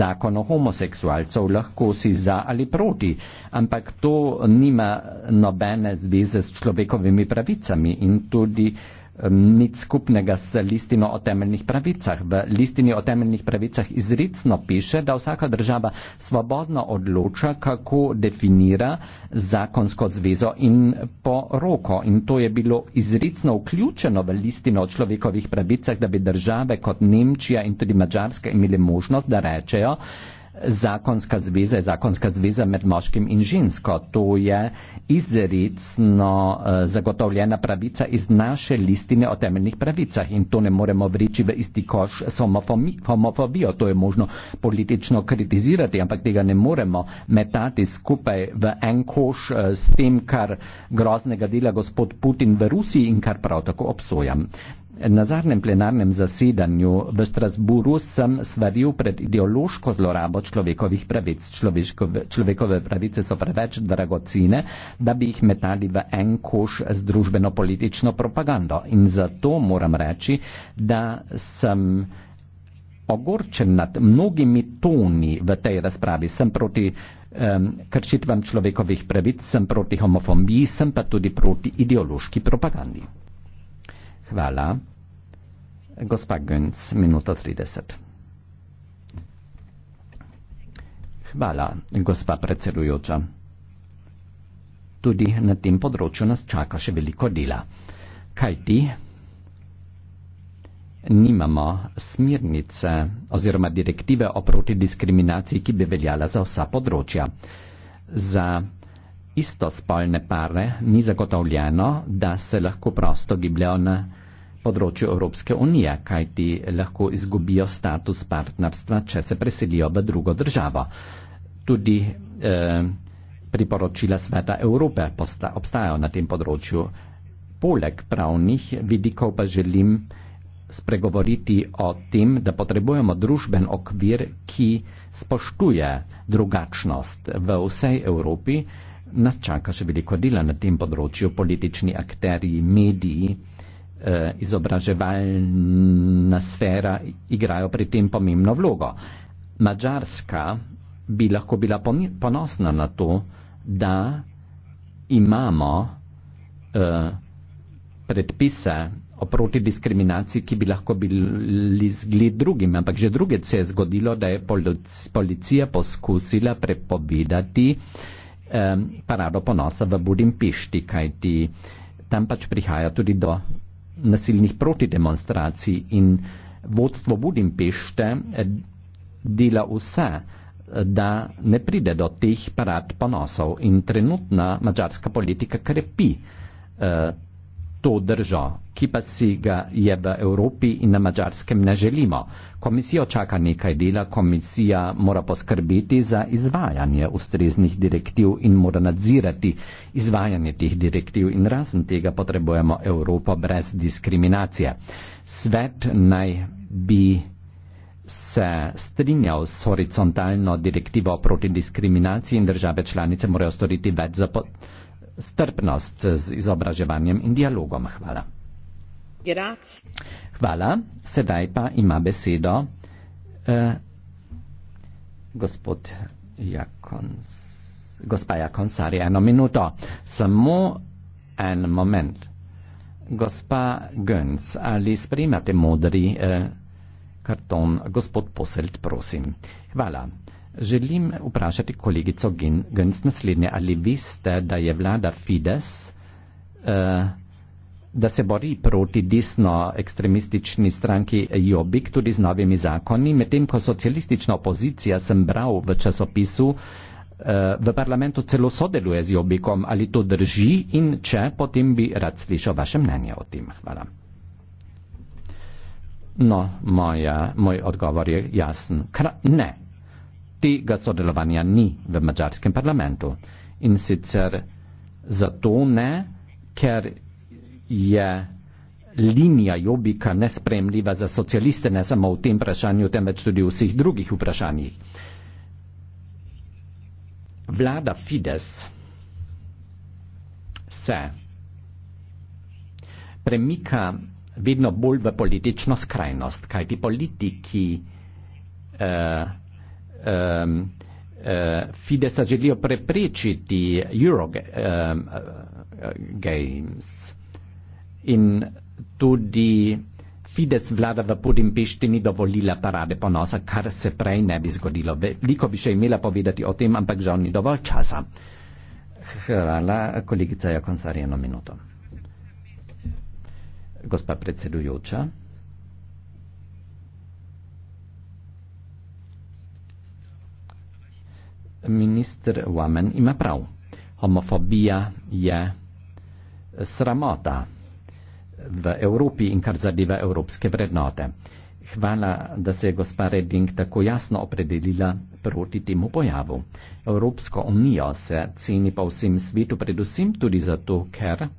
zakonu homoseksualcev, lahko si za ali proti, ampak to nima nobene zveze s človekovimi pravicami in tudi nič skupnega s listino o temeljnih pravicah. V listini o temeljnih pravicah izricno piše, da vsaka država svobodno odloča, kako definira zakonsko zvezo in poroko. In to je bilo izricno vključeno v listino o človekovih pravicah, da bi države kot Nemčija in tudi Mačarska imeli možnost, da rečejo, zakonska zveza je zakonska zveza med moškim in žensko. To je izredno eh, zagotovljena pravica iz naše listine o temeljnih pravicah in to ne moremo vreči v isti koš s homofobijo. To je možno politično kritizirati, ampak tega ne moremo metati skupaj v en koš eh, s tem, kar groznega dela gospod Putin v Rusiji in kar prav tako obsojam. Na zadnjem plenarnem zasedanju v Strasburu sem svaril pred ideološko zlorabo človekovih pravic. Človeškove, človekove pravice so preveč dragocine, da bi jih metali v en koš z družbeno-politično propagando. In zato moram reči, da sem ogorčen nad mnogimi toni v tej razpravi. Sem proti um, kršitvam človekovih pravic, sem proti homofobiji, sem pa tudi proti ideološki propagandi. Hvala. Gospa Gönc, minuto 30. Hvala, gospa predsedujoča. Tudi na tem področju nas čaka še veliko dela. Kaj ti? Nimamo smirnice oziroma direktive o protidiskriminaciji, ki bi veljala za vsa področja. Za istospolne pare ni zagotovljeno, da se lahko prosto gibljajo na področju Evropske unije, kajti lahko izgubijo status partnerstva, če se preselijo v drugo državo. Tudi eh, priporočila Sveta Evrope posta, obstajajo na tem področju. Poleg pravnih vidikov pa želim spregovoriti o tem, da potrebujemo družben okvir, ki spoštuje drugačnost v vsej Evropi. Nas čaka še veliko dela na tem področju, politični akteri, mediji. Eh, izobraževalna sfera igrajo pri tem pomembno vlogo. Mačarska bi lahko bila ponosna na to, da imamo eh, predpise o protidiskriminaciji, ki bi lahko bili zgled drugim, ampak že druge se je zgodilo, da je policija poskusila prepovedati eh, parado ponosa v Budimpešti, kajti tam pač prihaja tudi do nasilnih protidemonstracij in vodstvo Budimpešte eh, dela vse, eh, da ne pride do teh parad ponosov in trenutna mačarska politika krepi eh, to držo ki pa si ga je v Evropi in na Mačarskem ne želimo. Komisijo čaka nekaj dela, komisija mora poskrbeti za izvajanje ustreznih direktiv in mora nadzirati izvajanje teh direktiv in razen tega potrebujemo Evropo brez diskriminacije. Svet naj bi se strinjal s horizontalno direktivo proti diskriminaciji in države članice morajo storiti več za strpnost z izobraževanjem in dialogom. Hvala. Hvala. Sedaj pa ima besedo eh, gospod Jakons, gospa Jakonsari. Eno minuto. Samo en moment. Gospa Gönc, ali sprejmate modri eh, karton? Gospod Poselt, prosim. Hvala. Želim vprašati kolegico Gönc naslednje. Ali viste, da je vlada Fides eh, da se bori proti desno ekstremistični stranki Jobik tudi z novimi zakoni, medtem ko socialistična opozicija sem bral v časopisu, eh, v parlamentu celo sodeluje z Jobikom, ali to drži in če, potem bi rad slišal vaše mnenje o tem. Hvala. No, moja, moj odgovor je jasen. Kra ne, tega sodelovanja ni v mađarskem parlamentu. In sicer zato ne, ker je linija Jobika nespremljiva za socialiste, ne samo v tem vprašanju, temveč tudi v vseh drugih vprašanjih. Vlada Fides se premika vedno bolj v politično skrajnost, kajti politiki uh, um, uh, Fidesa želijo preprečiti Eurogames. Eh, uh, uh, in tudi Fides vlada v Budimpešti ni dovolila parade ponosa, kar se prej ne bi zgodilo. Veliko bi še imela povedati o tem, ampak žal ni dovolj časa. Hvala, kolegica Jakonsar, eno minuto. Gospa predsedujoča. Ministr Wamen ima prav. Homofobija je sramota v Evropi in kar zadeva evropske vrednote. Hvala, da se je gospa Redding tako jasno opredelila proti temu pojavu. Evropsko unijo se ceni pa vsem svetu, predvsem tudi zato, ker uh,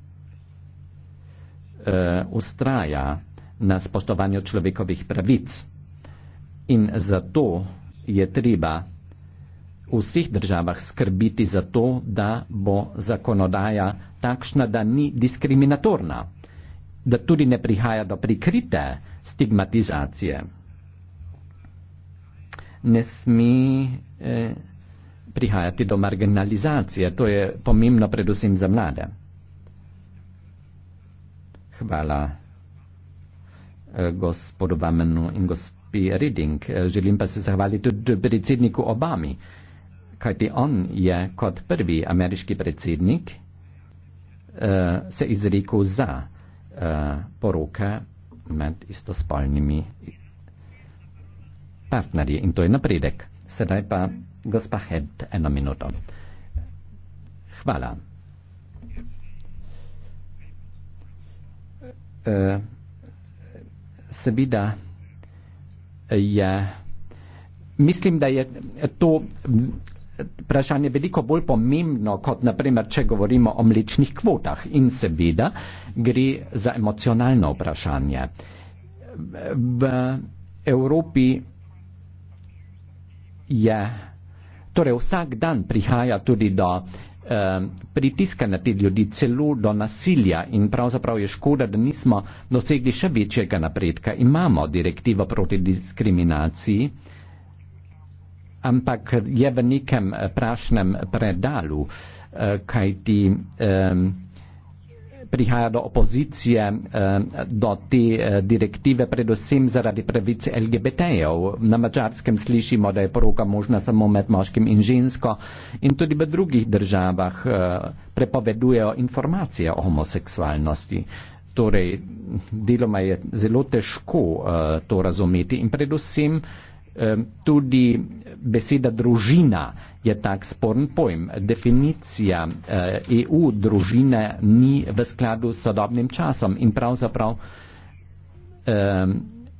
ustraja na spoštovanju človekovih pravic. In zato je treba v vseh državah skrbiti za to, da bo zakonodaja takšna, da ni diskriminatorna da tudi ne prihaja do prikrite stigmatizacije. Ne sme eh, prihajati do marginalizacije, to je pomembno predvsem za mlade. Hvala eh, gospodu Vamenu in gospi Reding. Eh, želim pa se zahvaliti tudi predsedniku Obami, kajti on je kot prvi ameriški predsednik eh, se izrekel za. Eh, poroke med istospolnimi partnerji. In to je napredek. Sedaj pa gospa Hed, eno minuto. Hvala. Uh, Seveda je. Mislim, da je to vprašanje veliko bolj pomembno, kot naprimer, če govorimo o mlečnih kvotah in seveda gre za emocionalno vprašanje. V Evropi je, torej vsak dan prihaja tudi do eh, pritiska na te ljudi, celo do nasilja in pravzaprav je škoda, da nismo dosegli še večjega napredka. Imamo direktivo proti diskriminaciji, ampak je v nekem eh, prašnem predalu, eh, kaj ti prihaja do opozicije do te eh, direktive, predvsem zaradi pravice LGBT-jev. Na mačarskem slišimo, da je poroka možna samo med moškim in žensko in tudi v drugih državah prepovedujejo informacije o homoseksualnosti. Torej, deloma je zelo težko uh, to razumeti in predvsem uh, tudi beseda družina je tak sporen pojem. Definicija EU eh, e družine ni v skladu s sodobnim časom in pravzaprav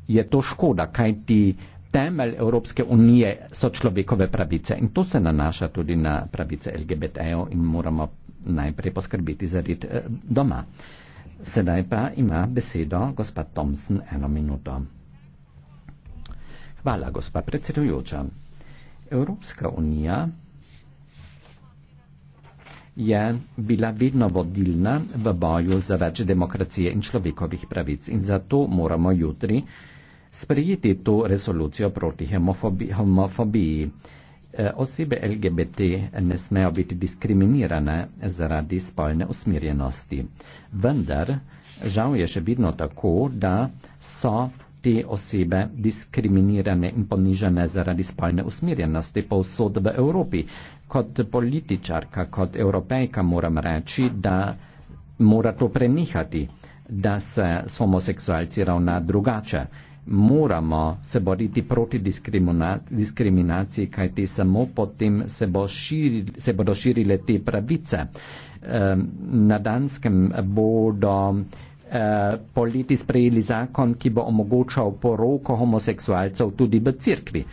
je to škoda, kaj ti temelj Evropske unije so človekove pravice in to se nanaša tudi na pravice LGBT-jev in moramo najprej poskrbeti za red eh, doma. Sedaj pa ima besedo gospod Thompson eno minuto. Hvala, gospa predsedujoča. Evropska unija je bila vedno vodilna v boju za več demokracije in človekovih pravic in zato moramo jutri sprejeti to resolucijo proti homofobi homofobiji. E, osebe LGBT ne smejo biti diskriminirane zaradi spolne usmerjenosti. Vendar žal je še vedno tako, da so te osebe diskriminirane in ponižene zaradi spolne usmerjenosti povsod v Evropi. Kot političarka, kot evropejka moram reči, da mora to prenehati, da se s homoseksualci ravna drugače. Moramo se boriti proti diskriminaciji, kajti samo potem se, bo širil, se bodo širile te pravice. Ehm, na Danskem bodo Eh, poleti sprejeli zakon, ki bo omogočal poroko homoseksualcev tudi v cerkvi.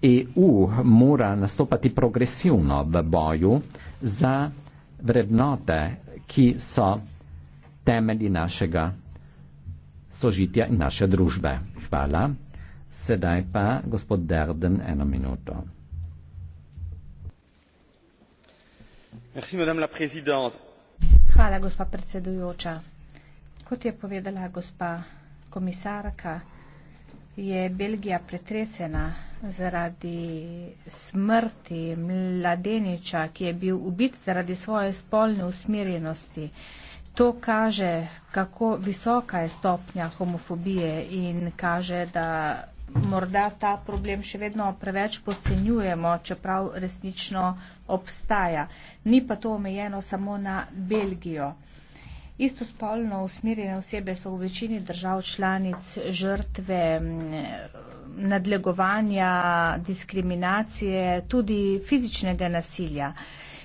EU e mora nastopati progresivno v boju za vrednote, ki so temeli našega sožitja in naše družbe. Hvala. Sedaj pa gospod Derden eno minuto. Merci, madame la présidente. Hvala, gospa predsedujoča. Kot je povedala gospa komisarka, je Belgija pretresena zaradi smrti mladeniča, ki je bil ubit zaradi svoje spolne usmerjenosti. To kaže, kako visoka je stopnja homofobije in kaže, da morda ta problem še vedno preveč podcenjujemo, čeprav resnično obstaja. Ni pa to omejeno samo na Belgijo. Istospolno usmirjene osebe so v večini držav članic žrtve nadlegovanja, diskriminacije, tudi fizičnega nasilja.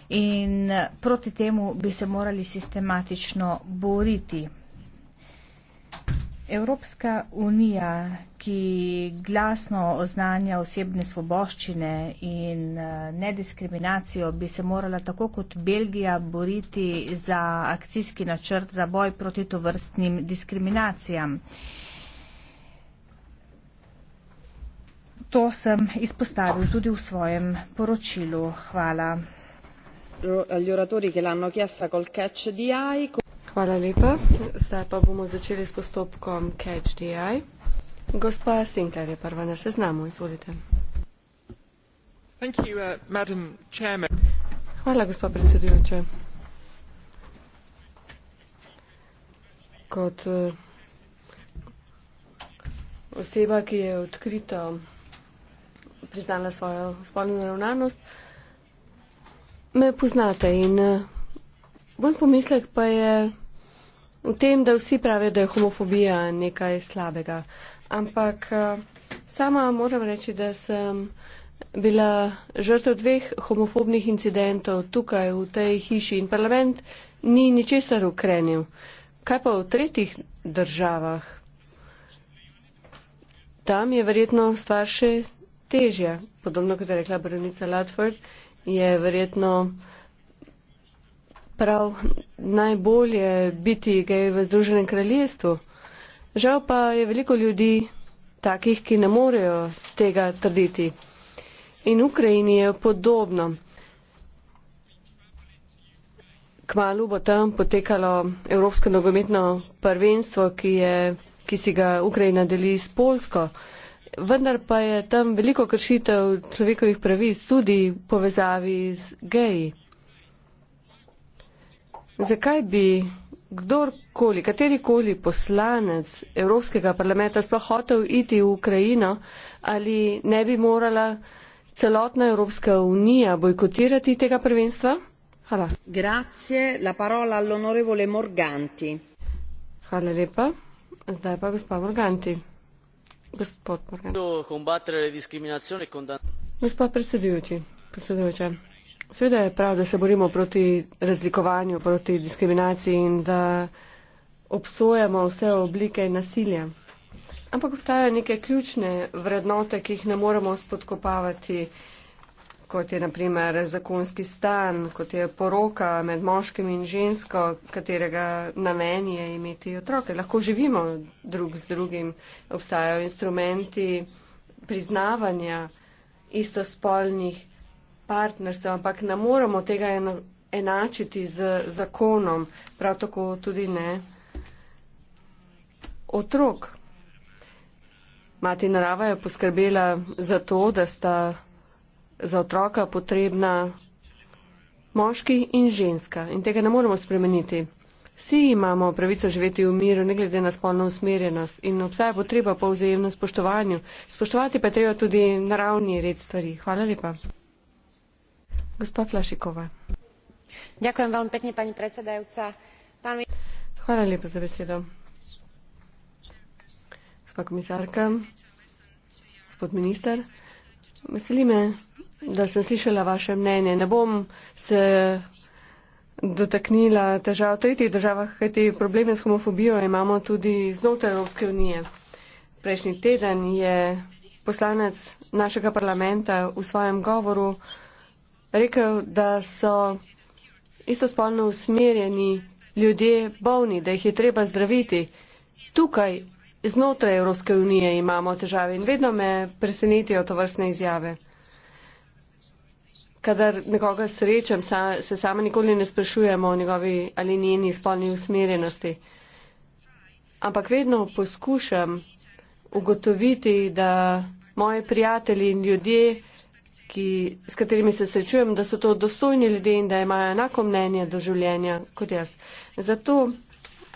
In proti temu bi se morali sistematično boriti. Evropska unija, ki glasno oznanja osebne svoboščine in eh, nediskriminacijo, bi se morala tako kot Belgija boriti za akcijski načrt za boj proti tovrstnim diskriminacijam. To sem izpostavil tudi v svojem poročilu. Hvala. Hvala lepa. Zdaj pa bomo začeli s postopkom CatchDI. Gospa Sinclair je prva na seznamu. Izvolite. Uh, Hvala, gospa predsedujoča. Kot uh, oseba, ki je odkrito priznala svojo spolno naravnanost, me poznate in uh, moj pomislek pa je, v tem, da vsi pravijo, da je homofobija nekaj slabega. Ampak eh, sama moram reči, da sem bila žrtev dveh homofobnih incidentov tukaj v tej hiši in parlament ni ničesar ukrenil. Kaj pa v tretjih državah? Tam je verjetno stvar še težja. Podobno, kot je rekla Brunica Latford, je verjetno prav najbolje biti gej v Združenem kraljestvu. Žal pa je veliko ljudi takih, ki ne morejo tega trditi. In v Ukrajini je podobno. Kmalu bo tam potekalo Evropsko nogometno prvenstvo, ki, je, ki si ga Ukrajina deli s Polsko. Vendar pa je tam veliko kršitev človekovih pravic tudi v povezavi z geji. Zakaj bi kdorkoli, katerikoli poslanec Evropskega parlamenta sploh hotel iti v Ukrajino ali ne bi morala celotna Evropska unija bojkotirati tega prvenstva? Hvala. Grazie, la parola all'onorevole Morganti. Hvala lepa. Zdaj pa gospa Morganti. Gospod Morganti. E Gospod predsedujoči, predsedujoča. Sveda je prav, da se borimo proti razlikovanju, proti diskriminaciji in da obsojamo vse oblike nasilja. Ampak obstajajo neke ključne vrednote, ki jih ne moremo spodkopavati, kot je naprimer zakonski stan, kot je poroka med moškim in žensko, katerega namen je imeti otroke. Lahko živimo drug z drugim, obstajajo instrumenti priznavanja istospolnih partnerstev, ampak ne moramo tega enačiti z zakonom, prav tako tudi ne otrok. Mati narava je poskrbela za to, da sta za otroka potrebna moški in ženska in tega ne moramo spremeniti. Vsi imamo pravico živeti v miru, ne glede na spolno usmerjenost in obstaja potreba po vzajemnem spoštovanju. Spoštovati pa treba tudi naravni red stvari. Hvala lepa hvala lepa za besedo. Gospa komisarka, gospod minister, veseli me, da sem slišala vaše mnenje. Ne bom se dotaknila težav v tretjih državah, kajti probleme s homofobijo imamo tudi znotraj Evropske unije. Prejšnji teden je poslanec našega parlamenta v svojem govoru rekel, da so istospolno usmerjeni ljudje bolni, da jih je treba zdraviti. Tukaj, znotraj Evropske unije, imamo težave in vedno me presenetijo to vrstne izjave. Kadar nekoga srečam, se sama nikoli ne sprašujemo o njegovi ali njeni spolni usmerjenosti. Ampak vedno poskušam ugotoviti, da moji prijatelji in ljudje, ki, s katerimi se srečujem, da so to dostojni ljudje in da imajo enako mnenje do življenja kot jaz. Zato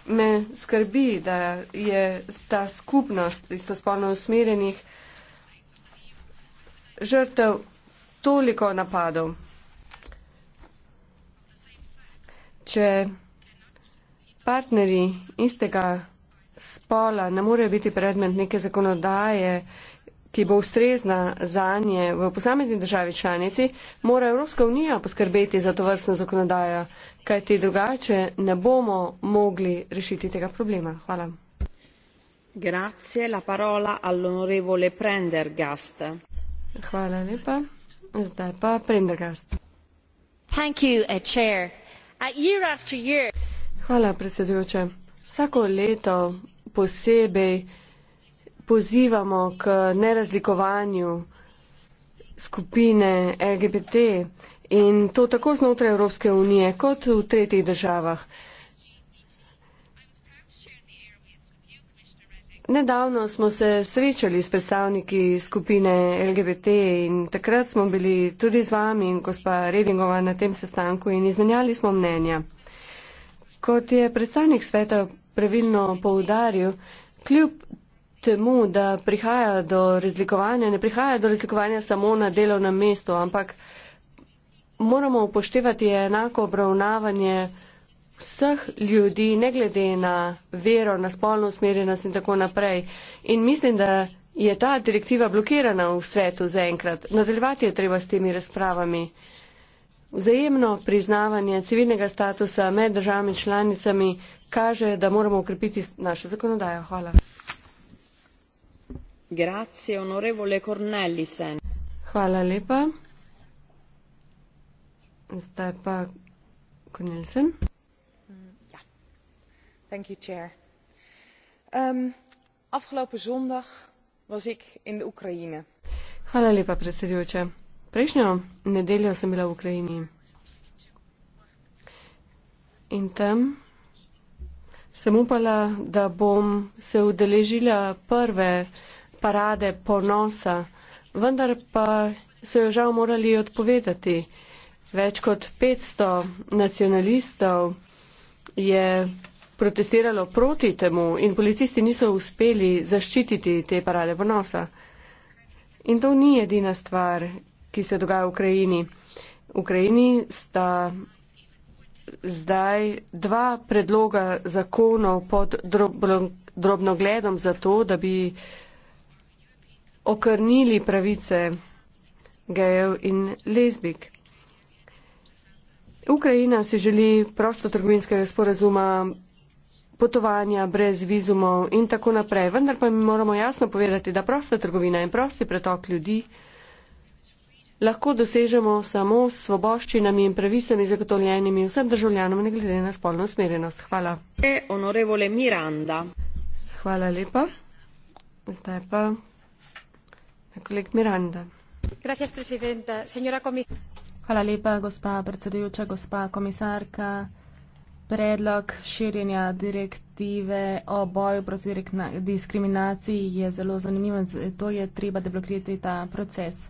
me skrbi, da je ta skupnost istospolno usmerjenih žrtev toliko napadov. Če partnerji istega spola ne morejo biti predmet neke zakonodaje ki bo ustrezna za nje v posamezni državi članici, mora Evropska unija poskrbeti za to vrstno zakonodajo, kajti drugače ne bomo mogli rešiti tega problema. Hvala. Grazie, la parola all'onorevole Prendergast. Hvala lepa. Zdaj pa Prendergast. Thank you, a uh, chair. A uh, year after year. Hvala, predsedujoče. Vsako leto posebej pozivamo k nerazlikovanju skupine LGBT in to tako znotraj Evropske unije kot v tretjih državah. Nedavno smo se srečali s predstavniki skupine LGBT in takrat smo bili tudi z vami in gospa Redingova na tem sestanku in izmenjali smo mnenja. Kot je predstavnik sveta pravilno poudaril, kljub temu, da prihaja do razlikovanja, ne prihaja do razlikovanja samo na delovnem mestu, ampak moramo upoštevati enako obravnavanje vseh ljudi, ne glede na vero, na spolno usmerjenost in tako naprej. In mislim, da je ta direktiva blokirana v svetu zaenkrat. Nadaljevati je treba s temi razpravami. Vzajemno priznavanje civilnega statusa med državami članicami kaže, da moramo ukrepiti našo zakonodajo. Hvala. Hvala lepa. Zdaj pa Cornelissen. Ja. Thank you, Chair. Um, afgelopen zondag was ik in de Oekraïne. Hvala lepa, predsedujoča. Prejšnjo nedeljo sem bila v Ukrajini. In tam sem upala, da bom se udeležila prve parade ponosa, vendar pa so jo žal morali odpovedati. Več kot 500 nacionalistov je protestiralo proti temu in policisti niso uspeli zaščititi te parade ponosa. In to ni edina stvar, ki se dogaja v Ukrajini. V Ukrajini sta zdaj dva predloga zakonov pod drobnogledom za to, da bi okrnili pravice gejev in lezbik. Ukrajina si želi prostotrgovinskega sporazuma, potovanja brez vizumov in tako naprej, vendar pa mi moramo jasno povedati, da prosta trgovina in prosti pretok ljudi lahko dosežemo samo s svoboščinami in pravicami zagotovljenimi vsem državljanom, ne glede na spolno smerenost. Hvala. Hvala lepa. Zdaj pa. Miranda. Hvala lepa, gospa predsedujoča, gospa komisarka. Predlog širjenja direktive o boju proti diskriminaciji je zelo zanimiv in zato je treba deblokirati ta proces.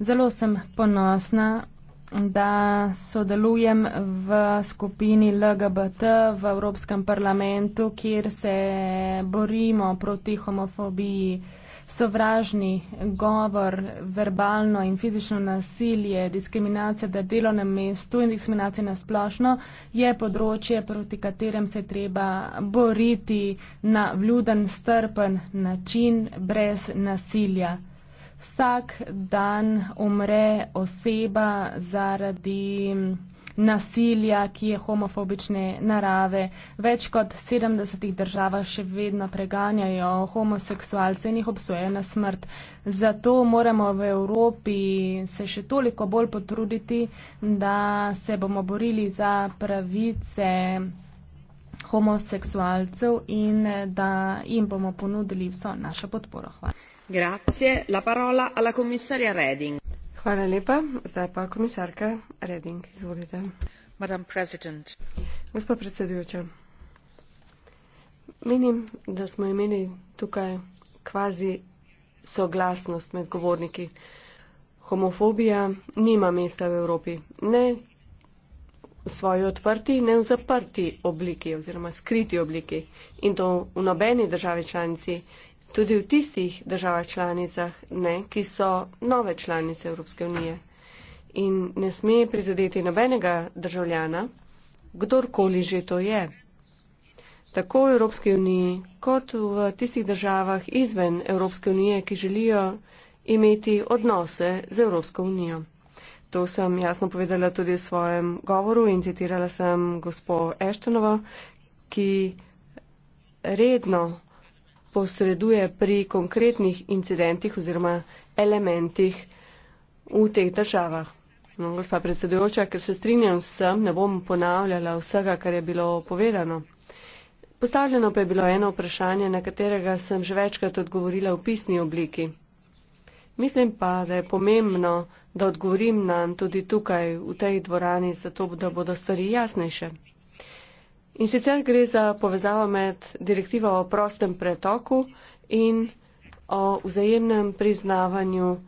Zelo sem ponosna, da sodelujem v skupini LGBT v Evropskem parlamentu, kjer se borimo proti homofobiji sovražni govor, verbalno in fizično nasilje, diskriminacija na delovnem mestu in diskriminacija na splošno je področje, proti katerem se treba boriti na vljuden, strpen način, brez nasilja. Vsak dan umre oseba zaradi nasilja, ki je homofobične narave. Več kot 70 državah še vedno preganjajo homoseksualce in jih obsojajo na smrt. Zato moramo v Evropi se še toliko bolj potruditi, da se bomo borili za pravice homoseksualcev in da jim bomo ponudili vso našo podporo. Hvala. Grazie. La parola alla commissaria Reding. Hvala lepa. Zdaj pa komisarka Reding. Izvolite. Gospod predsedujoča, menim, da smo imeli tukaj kvazi soglasnost med govorniki. Homofobija nima mesta v Evropi. Ne v svoji odprti, ne v zaprti obliki oziroma skriti obliki. In to v nobeni državi članici tudi v tistih državah članicah, ne, ki so nove članice Evropske unije. In ne sme prizadeti nobenega državljana, kdorkoli že to je. Tako v Evropski uniji, kot v tistih državah izven Evropske unije, ki želijo imeti odnose z Evropsko unijo. To sem jasno povedala tudi v svojem govoru in citirala sem gospod Eštonova, ki redno posreduje pri konkretnih incidentih oziroma elementih v teh državah. No, gospa predsedujoča, ker se strinjam vsem, ne bom ponavljala vsega, kar je bilo povedano. Postavljeno pa je bilo eno vprašanje, na katerega sem že večkrat odgovorila v pisni obliki. Mislim pa, da je pomembno, da odgovorim nam tudi tukaj v tej dvorani, zato da bodo stvari jasnejše. In sicer gre za povezavo med direktivo o prostem pretoku in o vzajemnem priznavanju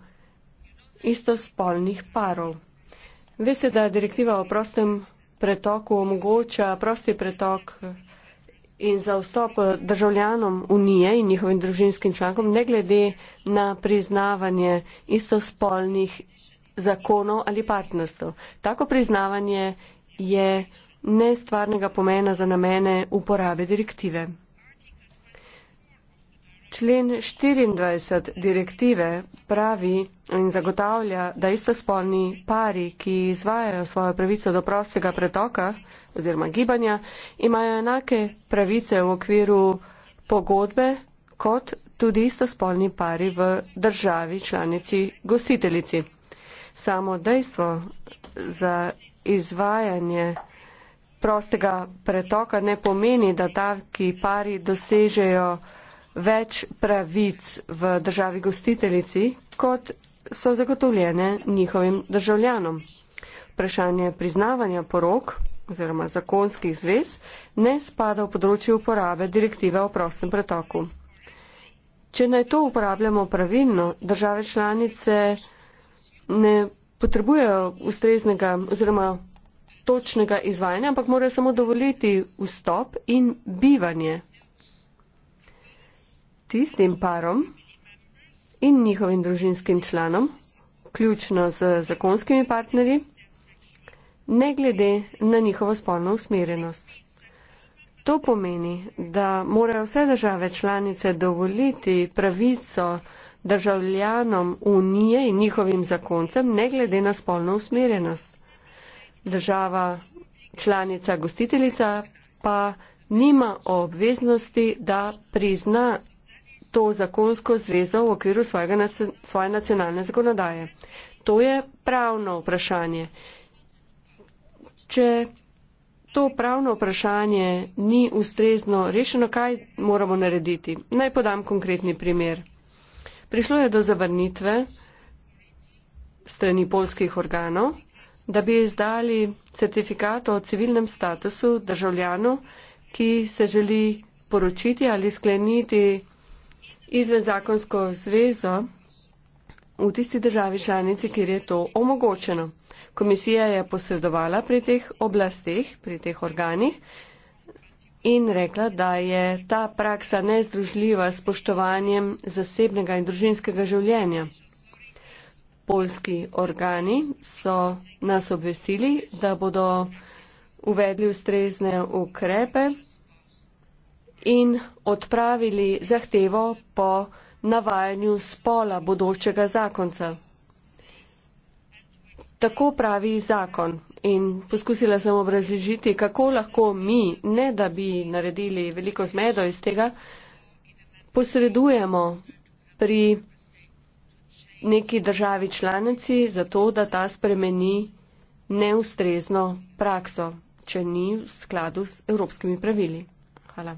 istospolnih parov. Veste, da direktiva o prostem pretoku omogoča prosti pretok in za vstop državljanom Unije in njihovim družinskim člankom, ne glede na priznavanje istospolnih zakonov ali partnerstv. Tako priznavanje je nestvarnega pomena za namene uporabe direktive. Člen 24 direktive pravi in zagotavlja, da istospolni pari, ki izvajajo svojo pravico do prostega pretoka oziroma gibanja, imajo enake pravice v okviru pogodbe kot tudi istospolni pari v državi članici gostiteljici. Samo dejstvo za izvajanje prostega pretoka ne pomeni, da taki pari dosežejo več pravic v državi gostiteljici, kot so zagotovljene njihovim državljanom. Vprašanje priznavanja porok oziroma zakonskih zvez ne spada v področju uporabe direktive o prostem pretoku. Če naj to uporabljamo pravilno, države članice ne potrebujejo ustreznega oziroma točnega izvajanja, ampak morajo samo dovoliti vstop in bivanje tistim parom in njihovim družinskim članom, ključno z zakonskimi partnerji, ne glede na njihovo spolno usmerjenost. To pomeni, da morajo vse države članice dovoliti pravico državljanom Unije in njihovim zakoncem, ne glede na spolno usmerjenost država članica gostiteljica pa nima obveznosti, da prizna to zakonsko zvezo v okviru svojega, svoje nacionalne zakonodaje. To je pravno vprašanje. Če to pravno vprašanje ni ustrezno rešeno, kaj moramo narediti? Naj podam konkretni primer. Prišlo je do zavrnitve strani polskih organov da bi izdali certifikat o civilnem statusu državljanu, ki se želi poročiti ali skleniti izven zakonsko zvezo v tisti državi članici, kjer je to omogočeno. Komisija je posredovala pri teh oblastih, pri teh organih in rekla, da je ta praksa nezdružljiva s poštovanjem zasebnega in družinskega življenja. Poljski organi so nas obvestili, da bodo uvedli ustrezne ukrepe in odpravili zahtevo po navajanju spola bodočega zakonca. Tako pravi zakon in poskusila sem obrazložiti, kako lahko mi, ne da bi naredili veliko zmedo iz tega, posredujemo pri neki državi članici za to, da ta spremeni neustrezno prakso, če ni v skladu s evropskimi pravili. Hvala.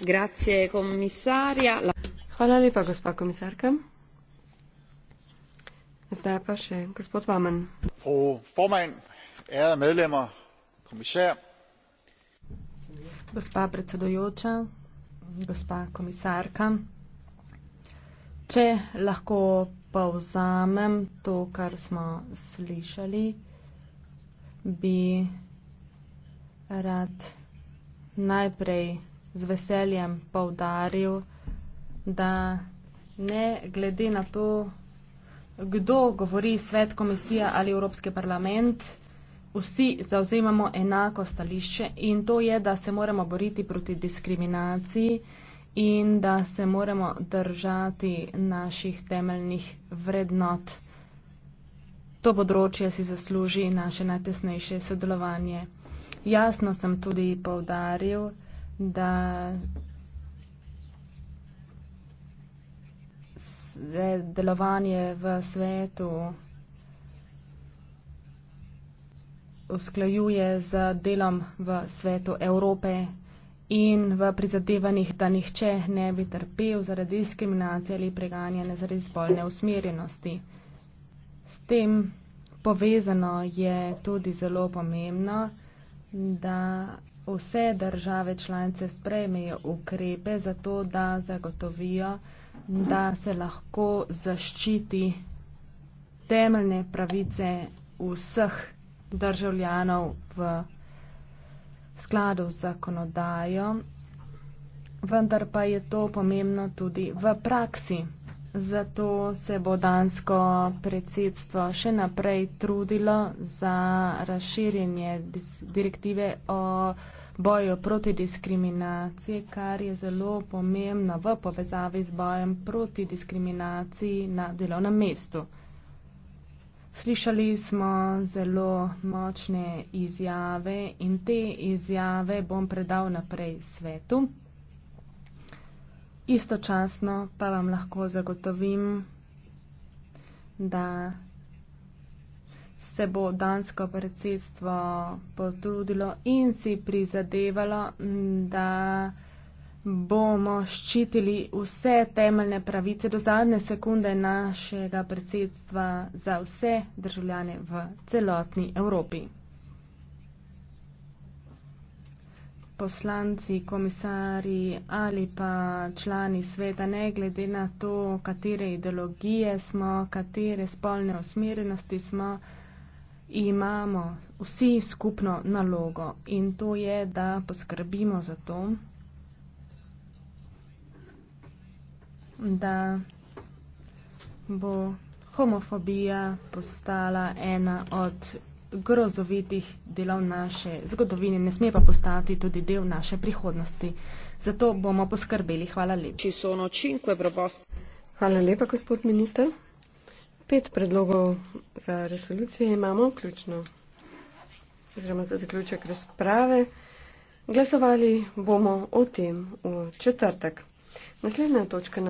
Grazie, Hvala lepa, gospa komisarka. Zdaj pa še gospod Vaman. Fru Forman, ere medlemmer, komisar. Gospa predsedujoča, gospa komisarka, če lahko povzamem to, kar smo slišali, bi rad najprej z veseljem povdaril, da ne glede na to, kdo govori svet komisija ali Evropski parlament, vsi zauzemamo enako stališče in to je, da se moramo boriti proti diskriminaciji in da se moramo držati naših temeljnih vrednot. To področje si zasluži naše najtesnejše sodelovanje. Jasno sem tudi povdaril, da delovanje v svetu usklajuje z delom v svetu Evrope in v prizadevanjih, da nihče ne bi trpel zaradi diskriminacije ali preganjanja zaradi spolne usmerjenosti. S tem povezano je tudi zelo pomembno, da vse države članice sprejmejo ukrepe za to, da zagotovijo, da se lahko zaščiti temeljne pravice vseh državljanov v v skladu z zakonodajo, vendar pa je to pomembno tudi v praksi. Zato se bo dansko predsedstvo še naprej trudilo za razširjenje direktive o boju proti diskriminaciji, kar je zelo pomembno v povezavi z bojem proti diskriminaciji na delovnem mestu. Slišali smo zelo močne izjave in te izjave bom predal naprej svetu. Istočasno pa vam lahko zagotovim, da se bo dansko predsedstvo potrudilo in si prizadevalo, da bomo ščitili vse temeljne pravice do zadnje sekunde našega predsedstva za vse državljane v celotni Evropi. Poslanci, komisari ali pa člani sveta, ne glede na to, katere ideologije smo, katere spolne osmirenosti smo, imamo vsi skupno nalogo in to je, da poskrbimo za to, da bo homofobija postala ena od grozovitih delov naše zgodovine, ne sme pa postati tudi del naše prihodnosti. Zato bomo poskrbeli. Hvala lepa. Hvala lepa, gospod minister. Pet predlogov za resolucije imamo, vključno oziroma za zaključek razprave. Glasovali bomo o tem v četrtek. Naslednja točka na